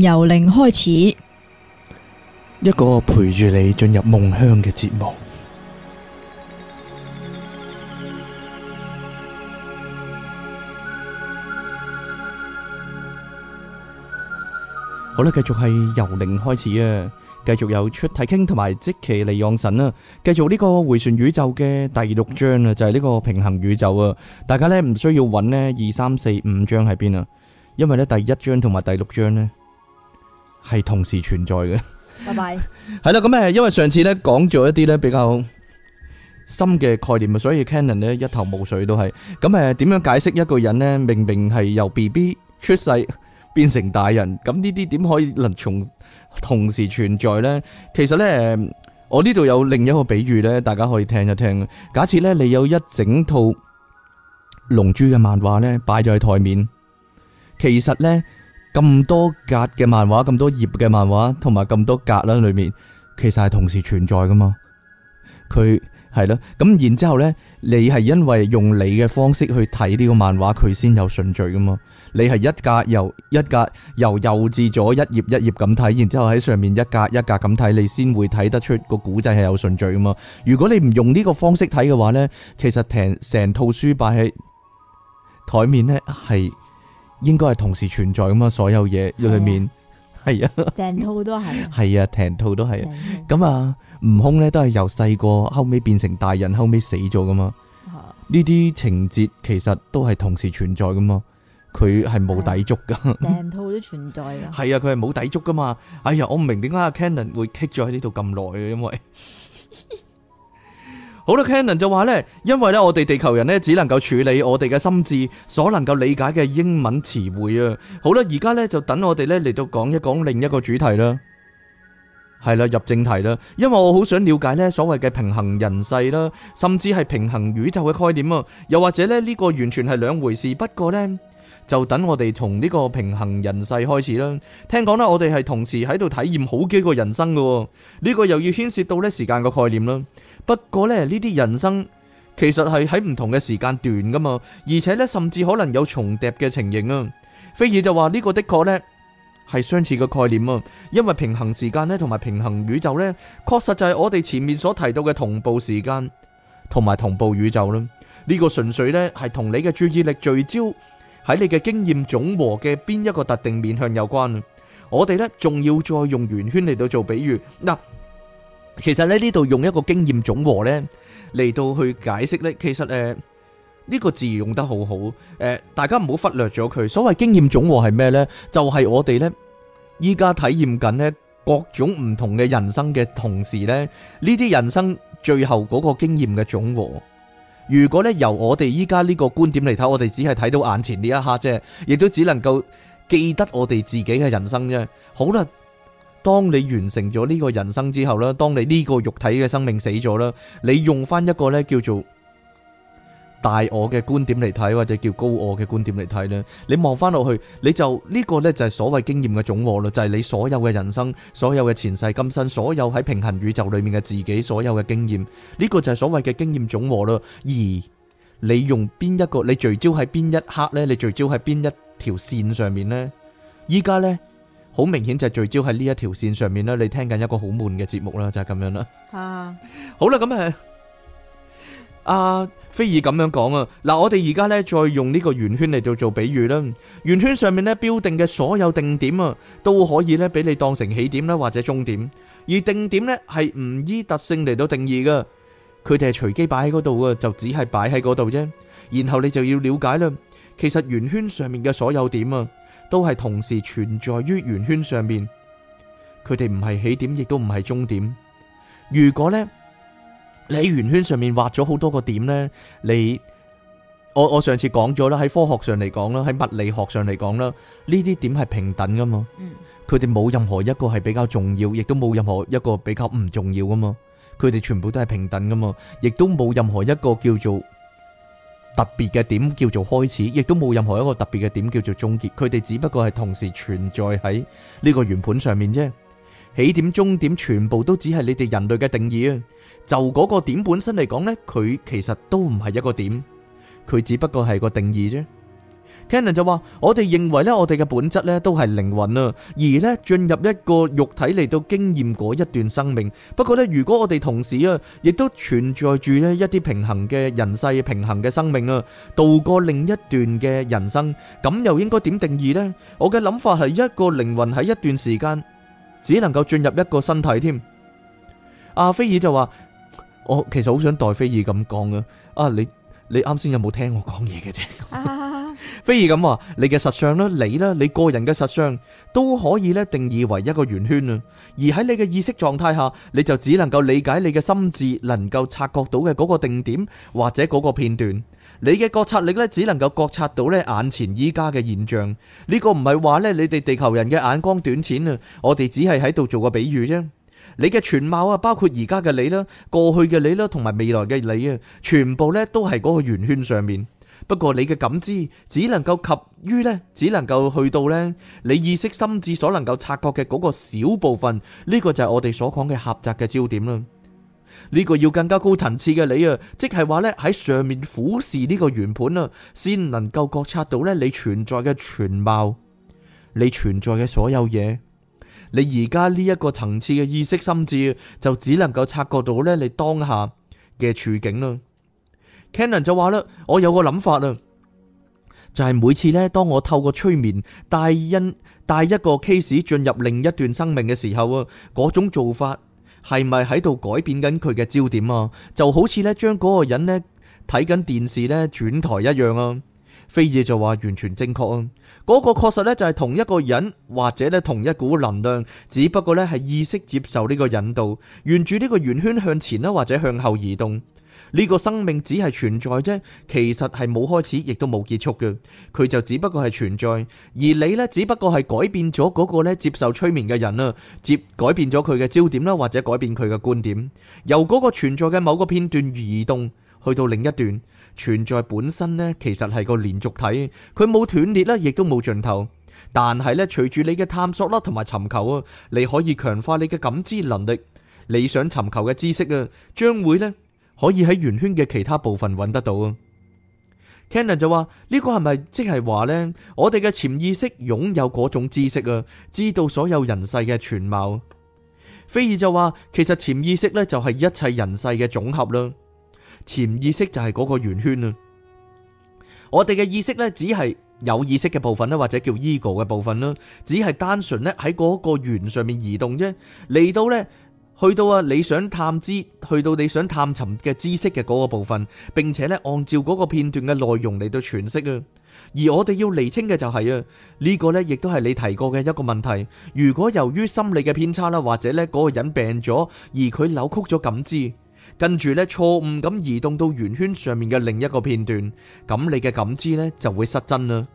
由零開始，一個陪住你進入夢鄉嘅節目。好啦，繼續係由零開始啊，繼續有出體傾同埋即其利用神啦。繼續呢個回旋宇宙嘅第六章啦，就係、是、呢個平衡宇宙啊。大家呢唔需要揾呢二三四五章喺邊啊，因為呢第一章同埋第六章呢。係同時存在嘅。拜拜。係啦，咁誒，因為上次咧講咗一啲咧比較深嘅概念啊，所以 Cannon 咧一頭霧水都係。咁誒，點樣解釋一個人咧，明明係由 BB 出世變成大人，咁呢啲點可以能從同時存在咧？其實咧，我呢度有另一個比喻咧，大家可以聽一聽。假設咧，你有一整套龍珠嘅漫畫咧擺咗喺台面，其實咧。咁多格嘅漫畫，咁多頁嘅漫畫，同埋咁多格啦，裏面其實係同時存在噶嘛。佢係咯，咁然之後呢，你係因為用你嘅方式去睇呢個漫畫，佢先有順序噶嘛。你係一格由一格由右至左，由右至左一頁一頁咁睇，然之後喺上面一格一格咁睇，你先會睇得出個古仔係有順序噶嘛。如果你唔用呢個方式睇嘅話呢，其實成套書擺喺台面呢，係。應該係同時存在噶嘛，所有嘢入裏面係啊，成套都係，係啊，成套都係。咁啊，悟空咧都係由細個後尾變成大人，後尾死咗噶嘛。呢啲情節其實都係同時存在噶嘛，佢係冇抵觸噶。成套都存在啊。係啊，佢係冇抵觸噶嘛。哎呀，我唔明點解阿 Cannon 會 keep 咗喺呢度咁耐啊，因為。好啦，Canon 就話呢，因為呢，我哋地球人呢，只能夠處理我哋嘅心智所能夠理解嘅英文詞彙啊。好啦，而家呢，就等我哋呢，嚟到講一講另一個主題啦。係啦，入正題啦，因為我好想了解呢，所謂嘅平衡人世啦，甚至係平衡宇宙嘅概念啊。又或者呢，呢個完全係兩回事。不過呢，就等我哋從呢個平衡人世開始啦。聽講呢，我哋係同時喺度體驗好幾個人生噶，呢個又要牽涉到呢時間嘅概念啦。不過咧，呢啲人生其實係喺唔同嘅時間段噶嘛，而且咧甚至可能有重疊嘅情形啊。菲爾就話呢個的確呢係相似嘅概念啊，因為平衡時間咧同埋平衡宇宙呢，確實就係我哋前面所提到嘅同步時間同埋同步宇宙啦。呢個純粹呢係同你嘅注意力聚焦喺你嘅經驗總和嘅邊一個特定面向有關。我哋呢仲要再用圓圈嚟到做比喻嗱。啊其實咧，呢度用一個經驗總和呢嚟到去解釋呢。其實誒呢、呃呢個字用得好好誒、呃，大家唔好忽略咗佢。所謂經驗總和係咩呢？就係、是、我哋呢，依家體驗緊咧各種唔同嘅人生嘅同時呢，呢啲人生最後嗰個經驗嘅總和。如果呢由我哋依家呢個觀點嚟睇，我哋只係睇到眼前呢一刻啫，亦都只能夠記得我哋自己嘅人生啫。好啦。當你完成咗呢個人生之後啦，當你呢個肉體嘅生命死咗啦，你用翻一個咧叫做大我嘅觀點嚟睇，或者叫高我嘅觀點嚟睇咧，你望翻落去，你就呢個咧就係所謂經驗嘅總和啦，就係你所有嘅人生，所有嘅前世今生，所有喺平行宇宙裏面嘅自己所有嘅經驗，呢個就係所謂嘅經驗總和啦。而你用邊一個，你聚焦喺邊一刻咧，你聚焦喺邊一條綫上面咧，依家咧。好明顯就聚焦喺呢一條線上面啦，你聽緊一個好悶嘅節目啦，就係咁樣啦。啊，好啦，咁啊，阿菲爾咁樣講啊，嗱，我哋而家呢，再用呢個圓圈嚟做做比喻啦，圓圈上面呢，標定嘅所有定點啊，都可以呢，俾你當成起點啦或者終點，而定點呢，係唔依特性嚟到定義噶，佢哋係隨機擺喺嗰度啊，就只係擺喺嗰度啫，然後你就要了解啦，其實圓圈上面嘅所有點啊。都係同時存在於圓圈上面，佢哋唔係起點，亦都唔係終點。如果呢，你喺圓圈上面畫咗好多個點呢，你我我上次講咗啦，喺科學上嚟講啦，喺物理學上嚟講啦，呢啲點係平等噶嘛，佢哋冇任何一個係比較重要，亦都冇任何一個比較唔重要噶嘛，佢哋全部都係平等噶嘛，亦都冇任何一個叫做。特別嘅點叫做開始，亦都冇任何一個特別嘅點叫做終結。佢哋只不過係同時存在喺呢個圓盤上面啫。起點、終點全部都只係你哋人類嘅定義啊！就嗰個點本身嚟講呢，佢其實都唔係一個點，佢只不過係個定義啫。Cannon 就話：我哋認為咧，我哋嘅本質咧都係靈魂啊，而咧進入一個肉體嚟到經驗嗰一段生命。不過咧，如果我哋同時啊，亦都存在住咧一啲平衡嘅人世平衡嘅生命啊，度過另一段嘅人生，咁又應該點定義咧？我嘅諗法係一個靈魂喺一段時間只能夠進入一個身體添。阿菲爾就話：我其實好想代菲爾咁講啊！啊，你你啱先有冇聽我講嘢嘅啫？非兒咁話，你嘅實相啦，你啦，你個人嘅實相都可以咧定義為一個圓圈啊。而喺你嘅意識狀態下，你就只能夠理解你嘅心智能夠察覺到嘅嗰個定點或者嗰個片段。你嘅覺察力咧，只能夠覺察到咧眼前依家嘅現象。呢個唔係話咧，你哋地球人嘅眼光短淺啊。我哋只係喺度做個比喻啫。你嘅全貌啊，包括而家嘅你啦，過去嘅你啦，同埋未來嘅你啊，全部咧都係嗰個圓圈上面。不過你嘅感知只能夠及於咧，只能夠去到咧你意識心智所能夠察覺嘅嗰個小部分，呢個就係我哋所講嘅狹窄嘅焦點啦。呢個要更加高層次嘅你啊，即係話咧喺上面俯視呢個圓盤啦，先能夠覺察到咧你存在嘅全貌，你存在嘅所有嘢。你而家呢一個層次嘅意識心智就只能夠察覺到咧你當下嘅處境啦。Cannon 就話啦，我有個諗法啊，就係、是、每次呢，當我透過催眠帶引帶一個 case 進入另一段生命嘅時候啊，嗰種做法係咪喺度改變緊佢嘅焦點啊？就好似呢，將嗰個人呢睇緊電視呢轉台一樣啊。菲爾就話完全正確啊，嗰、那個確實呢就係同一個人或者呢同一股能量，只不過呢係意識接受呢個引導，沿住呢個圓圈向前啦或者向後移動。呢個生命只係存在啫，其實係冇開始，亦都冇結束嘅。佢就只不過係存在，而你呢，只不過係改變咗嗰個呢接受催眠嘅人啦，接改變咗佢嘅焦點啦，或者改變佢嘅觀點，由嗰個存在嘅某個片段移動去到另一段存在本身呢，其實係個連續體，佢冇斷裂啦，亦都冇盡頭。但係呢，隨住你嘅探索啦，同埋尋求啊，你可以強化你嘅感知能力，你想尋求嘅知識啊，將會呢。可以喺圓圈嘅其他部分揾得到啊。Cannon 就話：呢個係咪即係話呢？我哋嘅潛意識擁有嗰種知識啊，知道所有人世嘅全貌。菲爾就話：其實潛意識呢，就係一切人世嘅總合啦。潛意識就係嗰個圓圈啊！我哋嘅意識呢，只係有意識嘅部分啦，或者叫 ego 嘅部分啦，只係單純呢，喺嗰個圓上面移動啫，嚟到呢。去到啊，你想探知，去到你想探尋嘅知識嘅嗰個部分，並且咧按照嗰個片段嘅內容嚟到詮釋啊。而我哋要釐清嘅就係啊，呢個咧亦都係你提過嘅一個問題。如果由於心理嘅偏差啦，或者咧嗰個人病咗，而佢扭曲咗感知，跟住咧錯誤咁移動到圓圈上面嘅另一個片段，咁你嘅感知咧就會失真啦。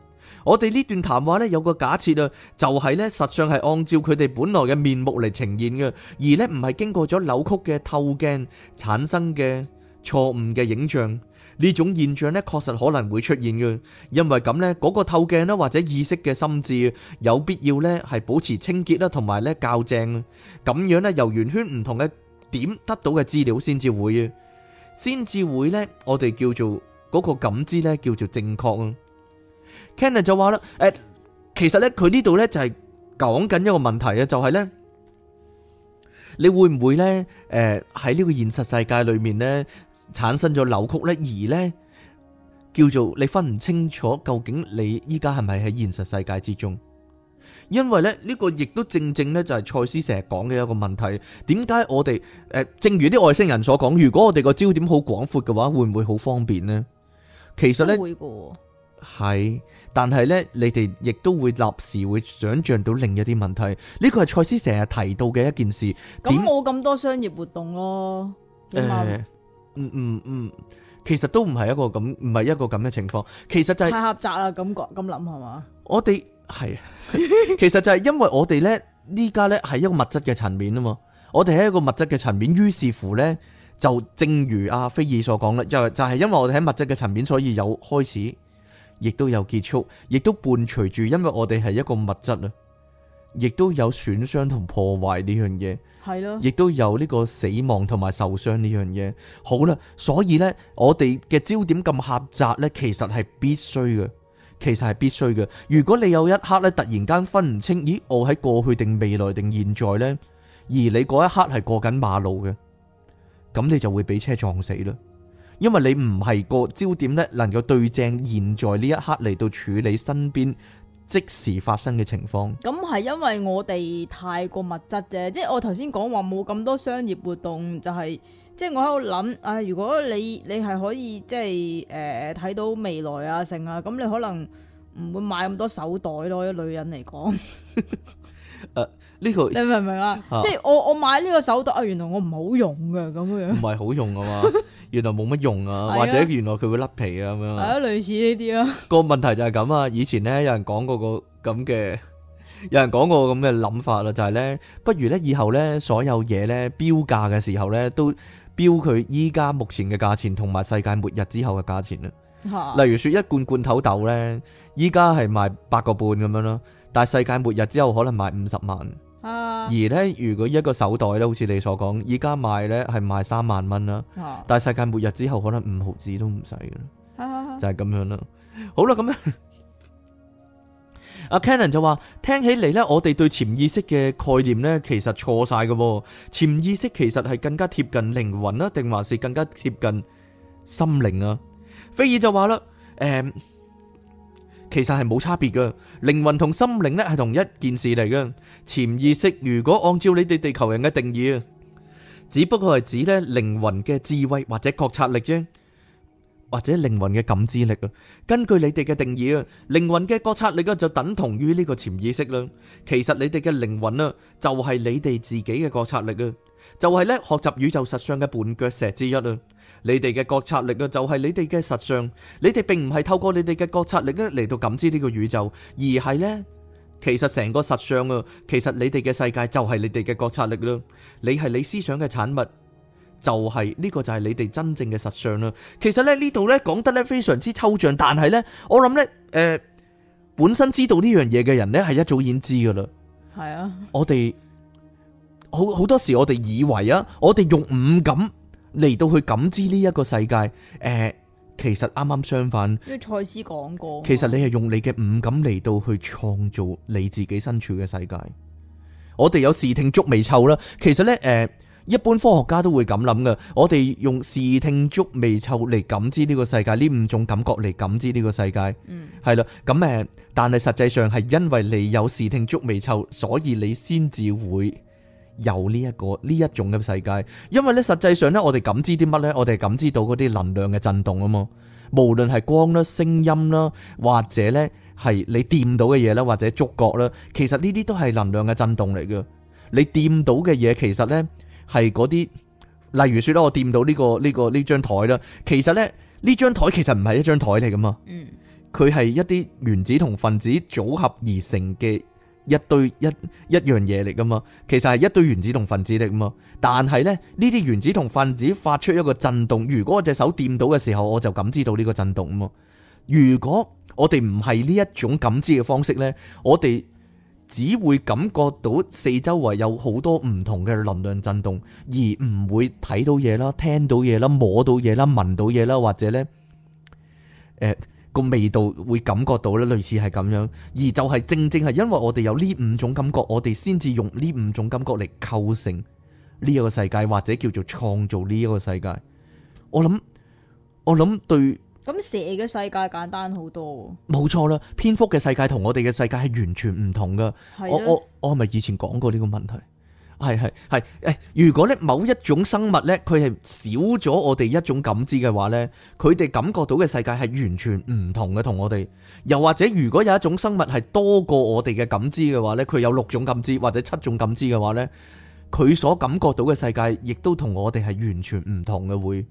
我哋呢段談話呢有個假設啊，就係呢實相係按照佢哋本來嘅面目嚟呈現嘅，而呢唔係經過咗扭曲嘅透鏡產生嘅錯誤嘅影像。呢種現象呢確實可能會出現嘅，因為咁呢嗰個透鏡啦或者意識嘅心智有必要呢係保持清潔啦同埋呢校正，咁樣呢由圓圈唔同嘅點得到嘅資料先至會，先至會呢我哋叫做嗰個感知呢叫做正確啊。Cannon 就話啦，誒，其實咧，佢呢度咧就係講緊一個問題啊，就係咧，你會唔會咧，誒，喺呢個現實世界裏面咧，產生咗扭曲咧，而咧，叫做你分唔清楚究竟你依家係咪喺現實世界之中？因為咧，呢個亦都正正咧就係賽斯成日講嘅一個問題，點解我哋，誒，正如啲外星人所講，如果我哋個焦點好廣闊嘅話，會唔會好方便呢？其實咧，會係，但係呢，你哋亦都會立時會想象到另一啲問題。呢個係賽斯成日提到嘅一件事。咁冇咁多商業活動咯。誒怎麽、呃，嗯嗯嗯，其實都唔係一個咁，唔係一個咁嘅情況。其實就係、是、太狹窄啦，感覺咁諗係嘛？我哋係，其實就係因為我哋呢，呢家呢，係一個物質嘅層面啊嘛。 我哋喺一個物質嘅層面，於是乎呢，就正如阿菲爾所講啦，就就是、係因為我哋喺物質嘅層面，所以有開始。亦都有結束，亦都伴隨住，因為我哋係一個物質啊，亦都有損傷同破壞呢樣嘢，係咯，亦都有呢個死亡同埋受傷呢樣嘢。好啦，所以呢，我哋嘅焦點咁狹窄呢，其實係必須嘅，其實係必須嘅。如果你有一刻呢，突然間分唔清，咦，我喺過去定未來定現在呢？而你嗰一刻係過緊馬路嘅，咁你就會俾車撞死啦。因為你唔係個焦點呢，能夠對正現在呢一刻，嚟到處理身邊即時發生嘅情況。咁係因為我哋太過物質啫，即係我頭先講話冇咁多商業活動，就係即係我喺度諗，啊如果你你係可以即係誒睇到未來啊剩啊，咁你可能唔會買咁多手袋咯，啲女人嚟講。誒，呢個你明唔明啊？即係我我買呢個手袋啊，原來我唔好用嘅咁樣，唔係好用啊嘛，原來冇乜用啊，或者原來佢會甩皮啊咁樣，係啊，類似呢啲啊個問題就係咁啊。以前咧有人講過個咁嘅，有人講過咁嘅諗法啦，就係咧，不如咧以後咧所有嘢咧標價嘅時候咧都標佢依家目前嘅價錢同埋世界末日之後嘅價錢啊。例如說一罐罐頭豆咧，依家係賣八個半咁樣咯。但世界末日之後可能賣五十萬，啊、而呢，如果一個手袋咧，好似你所講，依家賣呢係賣三萬蚊啦。啊、但世界末日之後可能五毫子都唔使嘅，就係咁樣啦。好啦，咁阿 Cannon 就話聽起嚟呢，我哋對潛意識嘅概念呢，其實錯晒嘅。潛意識其實係更加貼近靈魂啊，定還,還是更加貼近心靈啊？菲爾就話啦，誒、嗯。其實係冇差別㗎，靈魂同心靈咧係同一件事嚟嘅。潛意識如果按照你哋地球人嘅定義啊，只不過係指咧靈魂嘅智慧或者覺察力啫，或者靈魂嘅感知力啊。根據你哋嘅定義啊，靈魂嘅覺察力咧就等同於呢個潛意識啦。其實你哋嘅靈魂啊，就係你哋自己嘅覺察力啊。就係咧學習宇宙實相嘅絆腳石之一啦。你哋嘅覺察力啊，就係你哋嘅實相。你哋並唔係透過你哋嘅覺察力咧嚟到感知呢個宇宙，而係呢，其實成個實相啊，其實你哋嘅世界就係你哋嘅覺察力啦。你係你思想嘅產物，就係呢個，就係你哋真正嘅實相啦。其實咧呢度咧講得咧非常之抽象，但係呢，我諗呢誒，本身知道呢樣嘢嘅人呢，係一早已知噶啦。係啊，我哋。好好多時，我哋以為啊，我哋用五感嚟到去感知呢一個世界。誒，其實啱啱相反，因為蔡司講過，其實你係用你嘅五感嚟到去創造你自己身處嘅世界。我哋有視聽觸味嗅啦，其實呢，誒，一般科學家都會咁諗嘅。我哋用視聽觸味嗅嚟感知呢個世界，呢五種感覺嚟感知呢個世界，嗯，係啦。咁誒，但係實際上係因為你有視聽觸味嗅，所以你先至會。有呢、這、一個呢一種嘅世界，因為咧實際上咧，我哋感知啲乜咧？我哋感知到嗰啲能量嘅震動啊嘛。無論係光啦、聲音啦，或者咧係你掂到嘅嘢啦，或者觸覺啦，其實呢啲都係能量嘅震動嚟嘅。你掂到嘅嘢其實咧係嗰啲，例如說啦、這個，我掂到呢個呢個呢張台啦，其實咧呢張台其實唔係一張台嚟㗎嘛。嗯，佢係一啲原子同分子組合而成嘅。一堆一一樣嘢嚟噶嘛，其實係一堆原子同分子嚟噶嘛。但係咧，呢啲原子同分子發出一個震動，如果我隻手掂到嘅時候，我就感知到呢個震動咁啊。如果我哋唔係呢一種感知嘅方式咧，我哋只會感覺到四周圍有好多唔同嘅能量震動，而唔會睇到嘢啦、聽到嘢啦、摸到嘢啦、聞到嘢啦，或者咧誒。呃個味道會感覺到咧，類似係咁樣，而就係正正係因為我哋有呢五種感覺，我哋先至用呢五種感覺嚟構成呢一個世界，或者叫做創造呢一個世界。我諗，我諗對。咁蛇嘅世界簡單好多。冇錯啦，蝙蝠嘅世界同我哋嘅世界係完全唔同噶。我我我係咪以前講過呢個問題？係係係誒！如果咧某一種生物咧，佢係少咗我哋一種感知嘅話咧，佢哋感覺到嘅世界係完全唔同嘅，同我哋。又或者如果有一種生物係多過我哋嘅感知嘅話咧，佢有六種感知或者七種感知嘅話咧，佢所感覺到嘅世界亦都同我哋係完全唔同嘅，會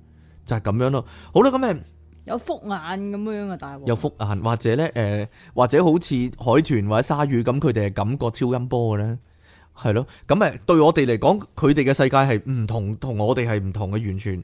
就係咁樣咯。好啦，咁誒，有複眼咁樣嘅大王，有複眼或者咧誒、呃，或者好似海豚或者鯊魚咁，佢哋係感覺超音波嘅咧。係咯，咁誒對我哋嚟講，佢哋嘅世界係唔同，同我哋係唔同嘅完全。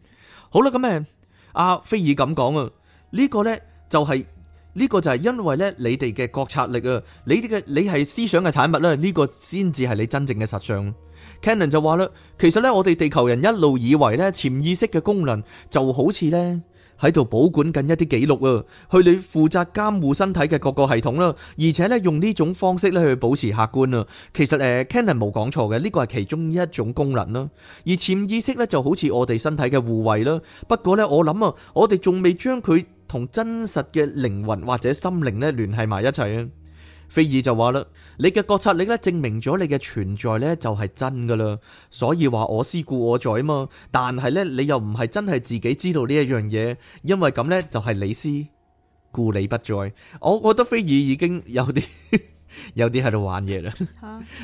好啦，咁誒阿菲爾咁講啊，呢個呢，就係，呢個就係因為呢，你哋嘅覺察力啊，你哋嘅你係思想嘅產物啦，呢個先至係你真正嘅實相。Cannon 就話啦，其實呢，我哋地球人一路以為呢，潛意識嘅功能就好似呢。喺度保管緊一啲記錄啊，去你負責監護身體嘅各個系統啦，而且咧用呢種方式咧去保持客觀啊。其實誒 Cannon 係冇講錯嘅，呢個係其中一種功能啦。而潛意識咧就好似我哋身體嘅護衛啦。不過咧我諗啊，我哋仲未將佢同真實嘅靈魂或者心靈咧聯繫埋一齊啊。菲爾就話啦，你嘅覺察力咧，證明咗你嘅存在咧就係真噶啦，所以話我思故我在啊嘛。但係咧，你又唔係真係自己知道呢一樣嘢，因為咁咧就係你思故你不在。我覺得菲爾已經有啲 有啲喺度玩嘢啦。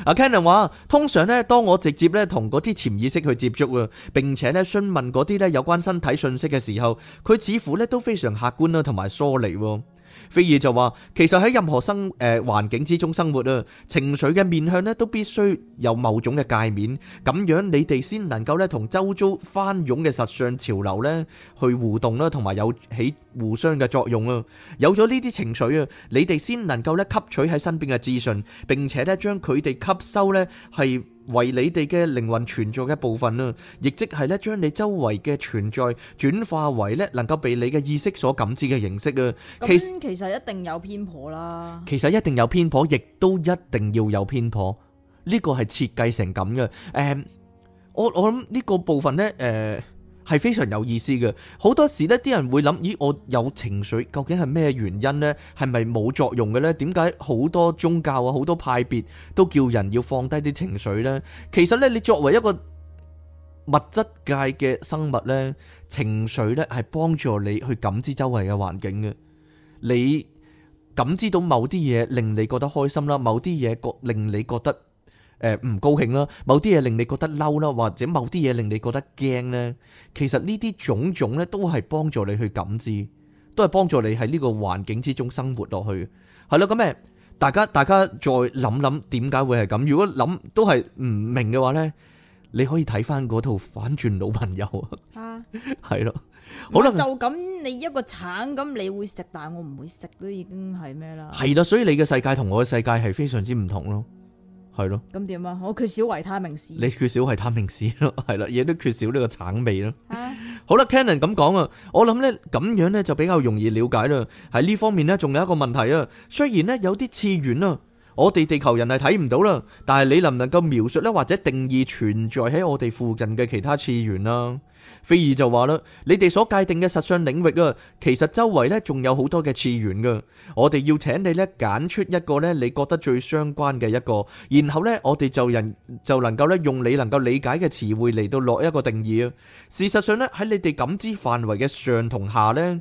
阿 Kenan 話：通常咧，當我直接咧同嗰啲潛意識去接觸啊，並且咧詢問嗰啲咧有關身體信息嘅時候，佢似乎咧都非常客觀啦，同埋疏離。菲爾就話：其實喺任何生誒、呃、環境之中生活啊，情緒嘅面向咧都必須有某種嘅界面，咁樣你哋先能夠咧同周遭翻湧嘅實相潮流咧去互動啦，同埋有起，互相嘅作用啊，有咗呢啲情緒啊，你哋先能夠咧吸取喺身邊嘅資訊，並且咧將佢哋吸收咧係為你哋嘅靈魂存在嘅一部分啊，亦即係咧將你周圍嘅存在轉化為咧能夠被你嘅意識所感知嘅形式啊。其實其實一定有偏頗啦，其實一定有偏頗，亦都一定要有偏頗，呢個係設計成咁嘅。誒，我我諗呢個部分呢誒。係非常有意思嘅，好多時呢，啲人會諗：咦，我有情緒，究竟係咩原因呢？係咪冇作用嘅呢？點解好多宗教啊、好多派別都叫人要放低啲情緒呢？其實呢，你作為一個物質界嘅生物呢，情緒呢係幫助你去感知周圍嘅環境嘅。你感知到某啲嘢令你覺得開心啦，某啲嘢令你覺得。誒，唔高興啦，某啲嘢令你覺得嬲啦，或者某啲嘢令你覺得驚咧，其實呢啲種種咧都係幫助你去感知，都係幫助你喺呢個環境之中生活落去，係啦。咁咩？大家大家再諗諗點解會係咁？如果諗都係唔明嘅話咧，你可以睇翻嗰套反轉老朋友啊，係咯，好啦，就咁你一個橙咁你會食，但係我唔會食都已經係咩啦？係啦，所以你嘅世界同我嘅世界係非常之唔同咯。係咯，咁點啊？我缺少維他命 C，你缺少維他命 C 咯，係啦，亦都缺少呢個橙味咯。哈 好啦，Canon 咁講啊，我諗咧咁樣咧就比較容易了解啦。喺呢方面咧，仲有一個問題啊，雖然咧有啲次元啊。我哋地球人係睇唔到啦，但係你能唔能夠描述咧，或者定義存在喺我哋附近嘅其他次元啦？菲爾就話啦，你哋所界定嘅實相領域啊，其實周圍咧仲有好多嘅次元噶我哋要請你咧揀出一個咧你覺得最相關嘅一個，然後咧我哋就人就能夠咧用你能夠理解嘅詞彙嚟到落一個定義啊。事實上咧，喺你哋感知範圍嘅上同下咧，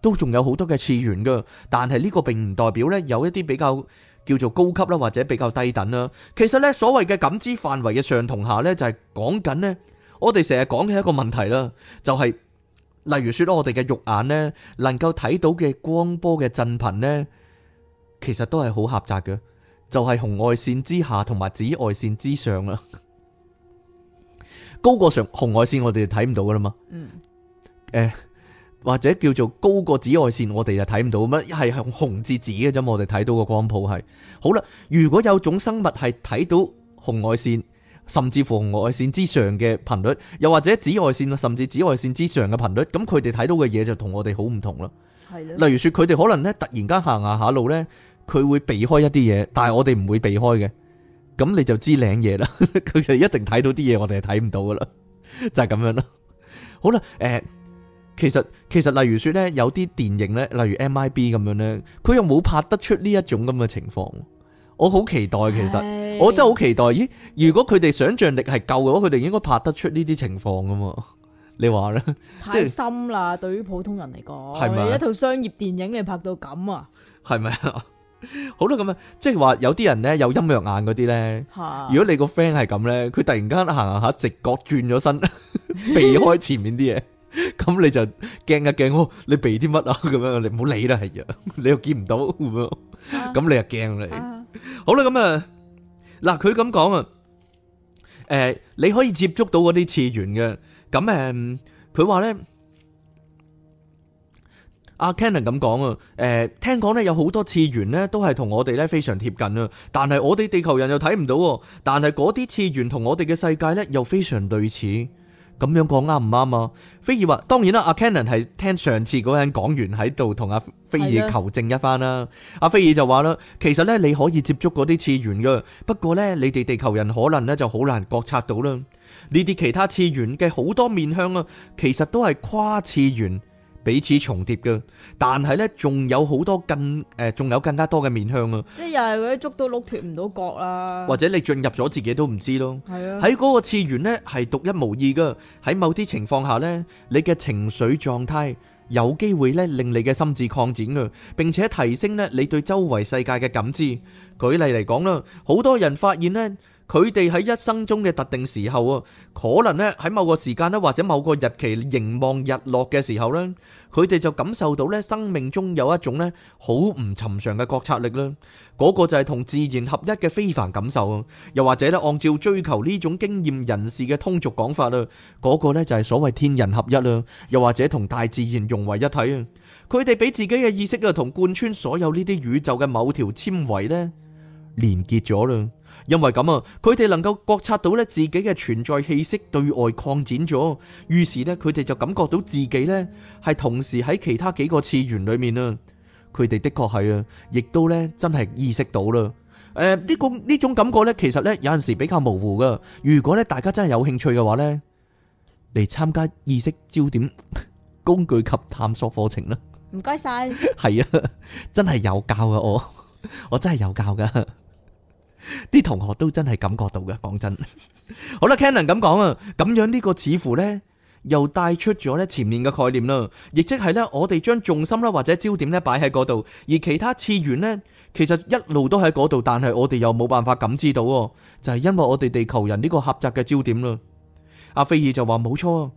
都仲有好多嘅次元噶，但係呢個並唔代表咧有一啲比較。叫做高級啦，或者比較低等啦。其實呢，所謂嘅感知範圍嘅上同下呢，就係講緊呢，我哋成日講嘅一個問題啦，就係、是、例如說，我哋嘅肉眼呢，能夠睇到嘅光波嘅震頻呢，其實都係好狹窄嘅，就係、是、紅外線之下同埋紫外線之上啦， 高過上紅外線我哋睇唔到噶啦嘛。嗯。哎或者叫做高過紫外線，我哋就睇唔到咩，係紅至紫嘅啫。我哋睇到個光譜係好啦。如果有種生物係睇到紅外線，甚至乎紅外線之上嘅頻率，又或者紫外線甚至紫外線之上嘅頻率，咁佢哋睇到嘅嘢，就同我哋好唔同啦。的例如說佢哋可能咧突然間行下下路咧，佢會避開一啲嘢，但係我哋唔會避開嘅。咁你就知領嘢啦。佢 就一定睇到啲嘢，我哋係睇唔到噶啦，就係咁樣咯。好啦，誒、呃。其實其實，其實例如說咧，有啲電影咧，例如 MIB 咁樣咧，佢又冇拍得出呢一種咁嘅情況。我好期待，其實 Hey. 我真係好期待。咦，如果佢哋想象力係夠嘅話，佢哋應該拍得出呢啲情況噶嘛？你話咧？太深啦， 就是、對於普通人嚟講，係咪吧？一套商業電影你拍到咁啊？係咪啊？ 好啦，咁啊，即係話有啲人咧有陰陽眼嗰啲咧。Yeah. 如果你個 friend 係咁咧，佢突然間行行下直覺轉咗身 避開前面啲嘢。咁你就驚一驚，你避啲乜啊？咁樣你唔好理啦，係呀，你又見唔到咁，你又驚你。好啦，咁啊，嗱，佢咁講啊，誒，你可以接觸到嗰啲次元嘅，咁誒，佢話咧，阿 Cannon 咁講啊，誒，聽講咧有好多次元咧都係同我哋咧非常貼近啊，但係我哋地球人又睇唔到，但係嗰啲次元同我哋嘅世界咧又非常類似。咁樣講啱唔啱啊？菲爾話：當然啦，阿 Canon 係聽上次嗰人講完，喺度同阿菲爾求證一番啦。阿菲爾就話啦：其實咧，你可以接觸嗰啲次元噶，不過咧，你哋地球人可能咧就好難覺察到啦。你哋其他次元嘅好多面向啊，其實都係跨次元。彼此重疊嘅，但係咧，仲有好多更誒，仲有更加多嘅面向啊！即係又係嗰啲捉到鹿脫唔到角啦，或者你進入咗自己都唔知咯。係啊，喺嗰個次元咧係獨一無二噶。喺某啲情況下咧，你嘅情緒狀態有機會咧令你嘅心智擴展啊，並且提升咧你對周圍世界嘅感知。舉例嚟講啦，好多人發現咧。佢哋喺一生中嘅特定時候啊，可能呢，喺某個時間呢，或者某個日期凝望日落嘅時候呢，佢哋就感受到呢，生命中有一種呢好唔尋常嘅覺察力啦。嗰個就係同自然合一嘅非凡感受啊。又或者呢，按照追求呢種經驗人士嘅通俗講法啦，嗰個咧就係所謂天人合一啦。又或者同大自然融為一體啊。佢哋俾自己嘅意識啊同貫穿所有呢啲宇宙嘅某條纖維呢連結咗啦。因為咁啊，佢哋能夠覺察到咧自己嘅存在氣息對外擴展咗，於是呢，佢哋就感覺到自己呢係同時喺其他幾個次元裏面啊。佢哋的確係啊，亦都呢真係意識到啦。誒、呃，呢個呢種感覺呢，其實呢有陣時比較模糊噶。如果呢大家真係有興趣嘅話呢，嚟參加意識焦點工具及探索課程啦。唔該晒。係 啊，真係有教噶。我，我真係有教噶。啲同學都真係感覺到嘅，講真， 好啦 Cannon 咁講啊，咁樣呢個似乎呢又帶出咗呢前面嘅概念啦，亦即係呢，我哋將重心啦或者焦點呢擺喺嗰度，而其他次元呢其實一路都喺嗰度，但係我哋又冇辦法感知到，就係、是、因為我哋地球人呢個狹窄嘅焦點啦。阿菲爾就話冇錯，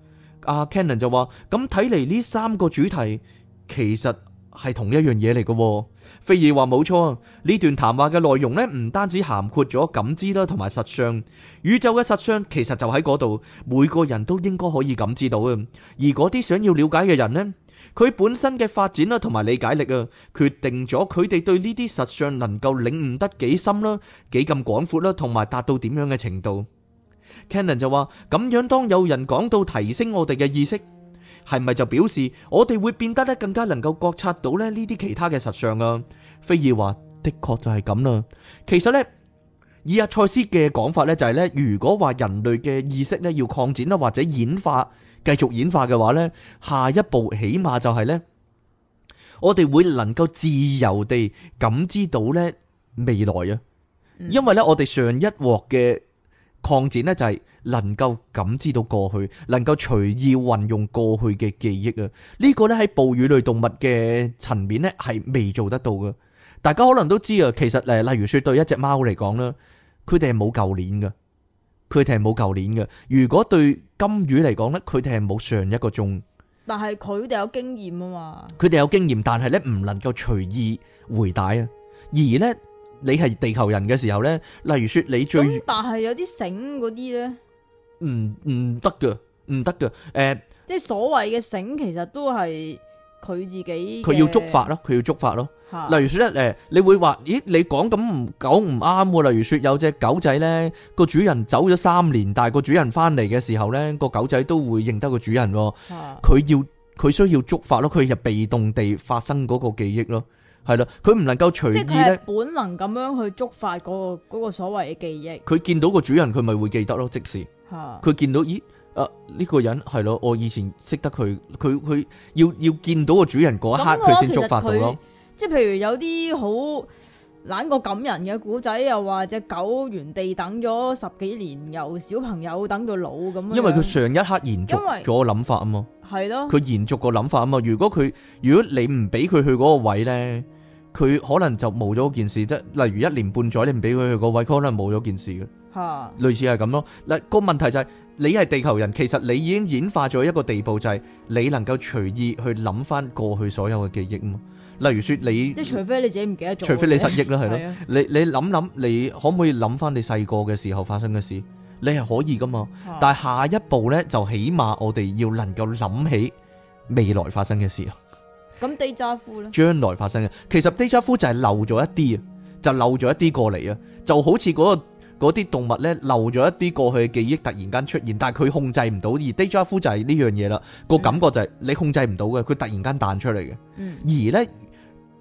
阿、啊、Cannon 就話咁睇嚟呢三個主題其實。係同一樣嘢嚟嘅，菲爾話冇錯。呢段談話嘅內容呢，唔單止涵括咗感知啦，同埋實相。宇宙嘅實相其實就喺嗰度，每個人都應該可以感知到嘅。而嗰啲想要了解嘅人呢，佢本身嘅發展啦，同埋理解力啊，決定咗佢哋對呢啲實相能夠領悟得幾深啦，幾咁廣闊啦，同埋達到點樣嘅程度。Cannon 就話：咁樣當有人講到提升我哋嘅意識係咪就表示我哋會變得咧更加能夠覺察到咧呢啲其他嘅實相啊？菲爾話的確就係咁啦。其實呢，以阿塞斯嘅講法呢，就係、是、呢：如果話人類嘅意識呢要擴展啦或者演化，繼續演化嘅話呢，下一步起碼就係呢，我哋會能夠自由地感知到呢未來啊。因為呢，我哋上一鑊嘅擴展呢、就是，就係。能夠感知到過去，能夠隨意運用過去嘅記憶啊！呢個呢喺哺乳類動物嘅層面呢係未做得到嘅。大家可能都知啊，其實誒，例如說對一隻貓嚟講呢，佢哋係冇舊年㗎，佢哋係冇舊年㗎。如果對金魚嚟講呢，佢哋係冇上一個鐘。但係佢哋有經驗啊嘛。佢哋有經驗，但係呢唔能夠隨意回帶啊。而呢你係地球人嘅時候呢，例如說你最但係有啲醒嗰啲呢。唔唔得嘅，唔得嘅。誒，即係所謂嘅醒，其實都係佢自己。佢要觸發咯，佢要觸發咯。例如說咧，誒，你會話，咦？你講咁唔講唔啱喎。例如說有隻狗仔咧，個主人走咗三年，但係個主人翻嚟嘅時候咧，個狗仔都會認得個主人。佢要佢需要觸發咯，佢就被動地發生嗰個記憶咯，係啦，佢唔能夠隨意咧本能咁樣去觸發嗰個嗰個所謂嘅記憶。佢見到個主人，佢咪會記得咯，即時。佢見到咦？誒、啊、呢、呢個人係咯，我以前識得佢，佢佢要要見到個主人嗰一刻，佢先、啊、觸發到咯。即係譬如有啲好懶過感人嘅古仔，又話隻狗原地等咗十幾年，由小朋友等到老咁樣。因為佢上一刻延續咗個諗法啊嘛。係咯為。佢延續個諗法啊嘛的。如果佢如果你唔俾佢去嗰個位咧。佢可能就冇咗件事即係，例如一年半載你唔俾佢去嗰位，可能冇咗件事嘅，類似係咁咯。嗱個問題就係你係地球人，其實你已經演化咗一個地步，就係你能夠隨意去諗翻過去所有嘅記憶啊。例如說你，即係除非你自己唔記得咗，除非你失憶啦，係咯。你你諗諗，你可唔可以諗翻你細個嘅時候發生嘅事？你係可以噶嘛。但係下一步呢，就起碼我哋要能夠諗起未來發生嘅事啊。咁 deja vu 咧？將來發生嘅，其實 deja vu 就係漏咗一啲，就漏咗一啲過嚟啊！就好似嗰、嗰個嗰啲動物咧，漏咗一啲過去嘅記憶突然間出現，但係佢控制唔到，而 deja vu 就係呢樣嘢啦。個感覺就係你控制唔到嘅，佢突然間彈出嚟嘅。嗯、而咧，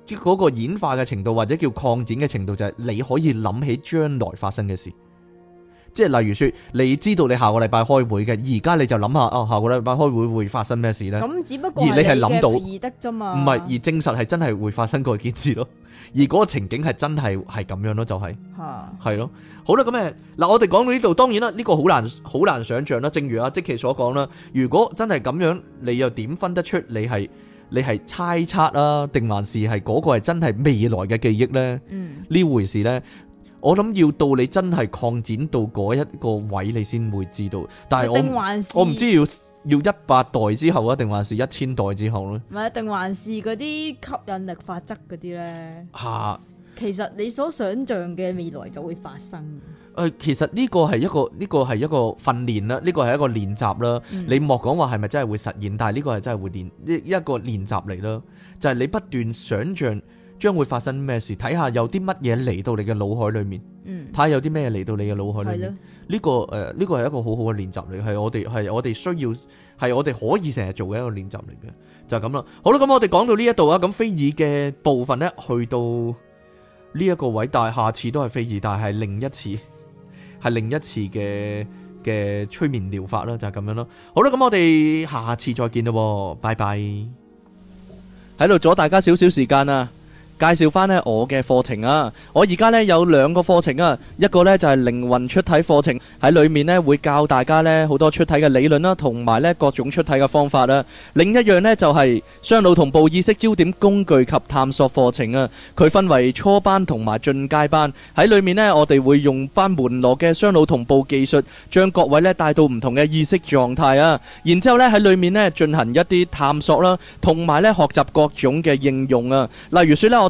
即、嗰、嗰個演化嘅程度或者叫擴展嘅程度，就係你可以諗起將來發生嘅事。即係例如說，你知道你下個禮拜開會嘅，而家你就諗下，哦，下個禮拜開會會發生咩事呢？咁只不過係你嘅諗到，唔係而，而證實係真係會發生嗰件事咯， 而嗰個情景係真係係咁樣咯，就是，就係係咯，好啦，咁誒，嗱，我哋講到呢度，當然啦，呢、這個好難好難想象啦。正如阿即其所講啦，如果真係咁樣，你又點分得出你係你係猜測啊，定還是係嗰個係真係未來嘅記憶呢？呢、嗯、回事呢？我諗要到你真係擴展到嗰一個位，你先會知道。但係我是我唔知要要一百代之後啊，定還是一千代之後咧？唔係，定還是嗰啲吸引力法則嗰啲呢？吓、啊，其實你所想象嘅未來就會發生嘅誒、呃，其實呢個係一個呢、這個係一個訓練啦，呢、這個係一個練習啦。嗯、你莫講話係咪真係會實現，但係呢個係真係會練一一個練習嚟啦，就係、是、你不斷想象。將會發生咩事？睇下，有啲乜嘢嚟到你嘅腦海裏面，睇下、嗯、有啲咩嚟到你嘅腦海裏面呢個誒，呢個係一個好好嘅練習嚟，係我哋係我哋需要，係我哋可以成日做嘅一個練習嚟嘅，就係咁啦。好啦，咁我哋講到呢一度啊，咁菲爾嘅部分呢，去到呢一個位，但係下次都係菲爾，但係係另一次係另一次嘅嘅催眠療法啦，就係咁樣咯。好啦，咁我哋下次再見啦，拜拜，喺度阻大家少少時間啊！介紹翻咧我嘅課程啊！我而家咧有兩個課程啊，一個咧就係靈魂出體課程，喺裡面咧會教大家咧好多出體嘅理論啦，同埋咧各種出體嘅方法啦。另一樣咧就係雙腦同步意識焦點工具及探索課程啊。佢分為初班同埋進階班，喺裡面咧我哋會用翻門羅嘅雙腦同步技術，將各位咧帶到唔同嘅意識狀態啊。然之後咧喺裡面咧進行一啲探索啦，同埋咧學習各種嘅應用啊。例如説咧我。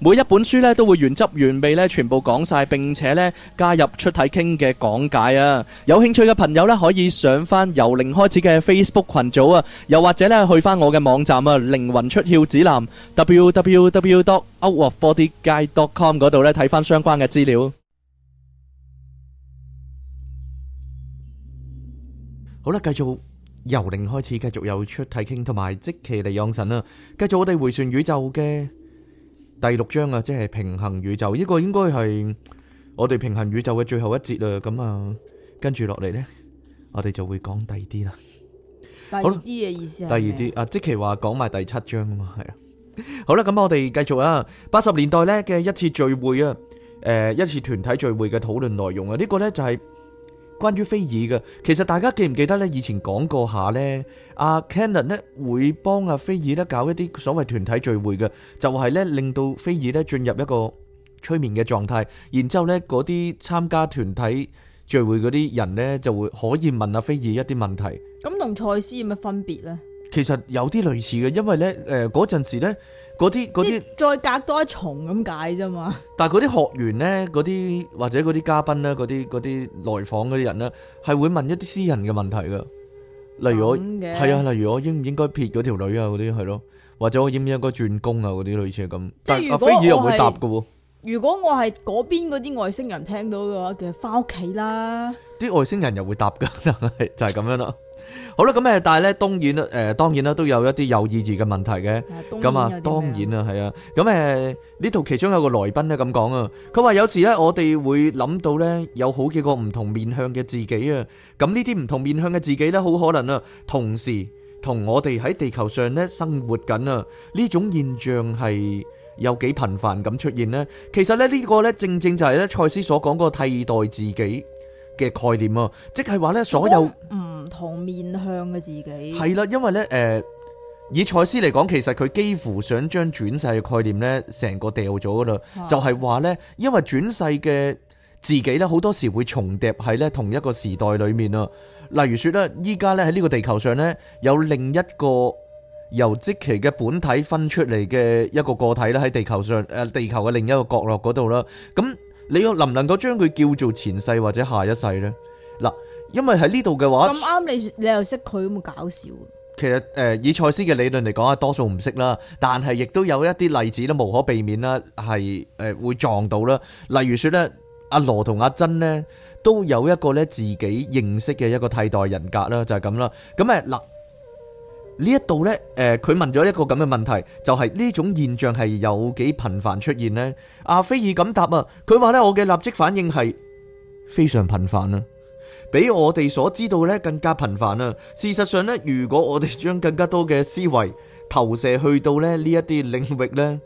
每一本書咧都會原汁原味咧全部講晒，並且咧加入出體傾嘅講解啊！有興趣嘅朋友咧可以上翻由零開始嘅 Facebook 群組啊，又或者咧去翻我嘅網站啊，靈魂出竅指南 www.outofbodyguide.com 嗰度咧睇翻相關嘅資料。好啦，繼續由零開始，繼續有出體傾同埋即期嚟養神啦。繼續我哋回旋宇宙嘅。第六章啊，即係平行宇宙呢，這個應該係我哋平行宇宙嘅最後一節啦。咁啊，跟住落嚟呢，我哋就會講第二啲啦。第，好第二啲嘅意思第二啲啊，即係話講埋第七章啊嘛，係啊。 好啦，咁我哋繼續啊。八十年代呢嘅一次聚會啊，誒、呃，一次團體聚會嘅討論內容啊，呢，這個呢，就係、是。關於飛爾嘅，其實大家記唔記得呢？以前講過下呢，阿 Cannon 呢會幫阿飛爾呢搞一啲所謂團體聚會嘅，就係、是、呢令到飛爾呢進入一個催眠嘅狀態，然之後呢，嗰啲參加團體聚會嗰啲人呢，就會可以問阿飛爾一啲問題。咁同賽斯有乜分別呢？其實有啲類似嘅，因為咧，誒嗰陣時咧，嗰啲啲再隔多一重咁解啫嘛。但係嗰啲學員咧，嗰啲或者嗰啲嘉賓咧，嗰啲嗰啲來訪嗰啲人咧，係會問一啲私人嘅問題噶。例如我係啊，例如我應唔應該撇嗰條女啊，嗰啲係咯，或者我應唔應該轉工啊，嗰啲類似咁。但阿飛爾又會答㗎。即係如果我係，如果我係嗰邊嗰啲外星人聽到嘅話，其實翻屋企啦。啲外星人又會答噶， 就係就係咁樣咯。 好啦，咁誒，但係咧，當然誒、呃，當然啦，都有一啲有意義嘅問題嘅咁啊。當然啦，係啊。咁誒，呢度其中有個來賓咧咁講啊，佢話有時咧，我哋會諗到咧有好幾個唔同面向嘅自己啊。咁呢啲唔同面向嘅自己咧，好可能啊，同時同我哋喺地球上咧生活緊啊。呢種現象係有幾頻繁咁出現呢？其實咧呢個咧正正就係咧賽斯所講嗰個替代自己。嘅概念啊，即係話呢，所有唔同面向嘅自己係啦，因為呢，誒、呃，以賽斯嚟講，其實佢幾乎想將轉世嘅概念呢成個掉咗㗎啦，哇就係話呢，因為轉世嘅自己呢，好多時會重疊喺呢同一個時代裏面啊。例如說呢，依家呢，喺呢個地球上呢，有另一個由即期嘅本體分出嚟嘅一個個體啦，喺地球上誒地球嘅另一個角落嗰度啦，咁。你又能唔能夠將佢叫做前世或者下一世呢？嗱，因為喺呢度嘅話咁啱你你又識佢，咁搞笑？其實誒、呃，以賽斯嘅理論嚟講啊，多數唔識啦，但係亦都有一啲例子都無可避免啦，係誒、呃、會撞到啦。例如說咧，阿羅同阿珍呢，都有一個咧自己認識嘅一個替代人格啦，就係咁啦。咁誒嗱。呢一度呢，誒佢、呃、問咗一個咁嘅問題，就係、是、呢種現象係有幾頻繁出現呢？阿菲爾咁答啊，佢話呢，我嘅立即反應係非常頻繁啊，比我哋所知道呢更加頻繁啊。事實上呢，如果我哋將更加多嘅思維投射去到呢呢一啲領域呢。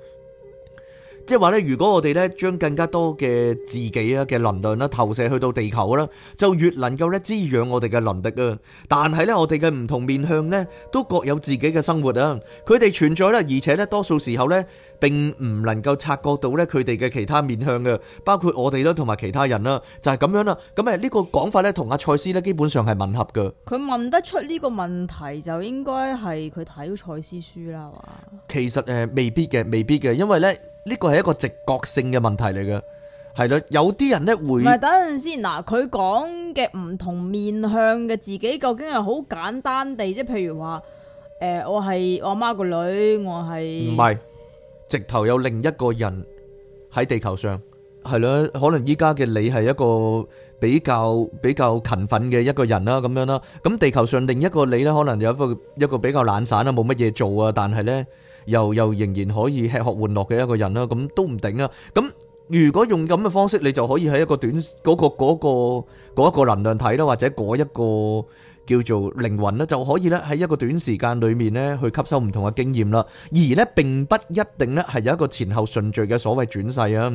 即係話咧，如果我哋咧將更加多嘅自己啊嘅能量啦投射去到地球啦，就越能夠咧滋養我哋嘅能力啊。但係咧，我哋嘅唔同面向咧都各有自己嘅生活啊。佢哋存在啦，而且咧多數時候咧並唔能夠察覺到咧佢哋嘅其他面向嘅，包括我哋啦同埋其他人啦，就係咁樣啦。咁誒呢個講法咧同阿賽斯咧基本上係吻合嘅。佢問得出呢個問題就應該係佢睇賽斯書啦，其實誒未必嘅，未必嘅，因為咧。呢個係一個直覺性嘅問題嚟嘅，係咯，有啲人咧會唔係？等陣先，嗱，佢講嘅唔同面向嘅自己，究竟係好簡單地，即係譬如話，誒，我係我阿媽個女，我係唔係？直頭有另一個人喺地球上，係咯，可能依家嘅你係一個比較比較勤奮嘅一個人啦，咁樣啦，咁地球上另一個你咧，可能有一個一個比較懶散啊，冇乜嘢做啊，但係咧。又又仍然可以吃喝玩樂嘅一個人啦，咁都唔頂啊！咁如果用咁嘅方式，你就可以喺一個短嗰、嗰個嗰、嗰個嗰一個能量體啦，或者嗰、嗰、一個叫做靈魂啦，就可以咧喺一個短時間裏面咧去吸收唔同嘅經驗啦，而呢，並不一定咧係有一個前後順序嘅所謂轉世啊。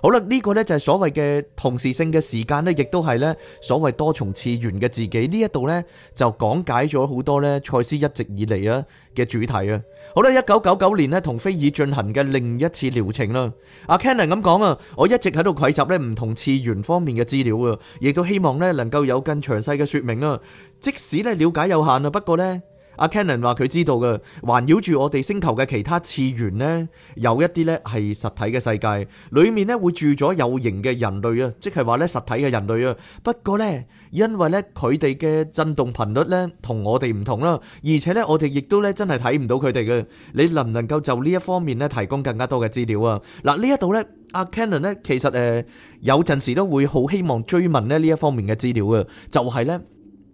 好啦，呢個呢就係所謂嘅同時性嘅時間呢亦都係呢所謂多重次元嘅自己。呢一度呢就講解咗好多呢賽斯一直以嚟啊嘅主題啊。好啦，一九九九年呢同菲爾進行嘅另一次療程啦。阿 Kenner 咁講啊，我一直喺度匯集呢唔同次元方面嘅資料啊，亦都希望呢能夠有更詳細嘅說明啊。即使呢了解有限啊，不過呢。阿 Canon 話佢知道嘅，環繞住我哋星球嘅其他次元呢，有一啲呢係實體嘅世界，裡面呢會住咗有形嘅人類啊，即係話呢實體嘅人類啊。不過呢，因為呢，佢哋嘅震動頻率呢同我哋唔同啦，而且呢，我哋亦都呢真係睇唔到佢哋嘅。你能唔能夠就呢一方面呢提供更加多嘅資料啊？嗱，呢一度呢，阿 Canon 呢其實誒有陣時都會好希望追問呢呢一方面嘅資料嘅，就係呢。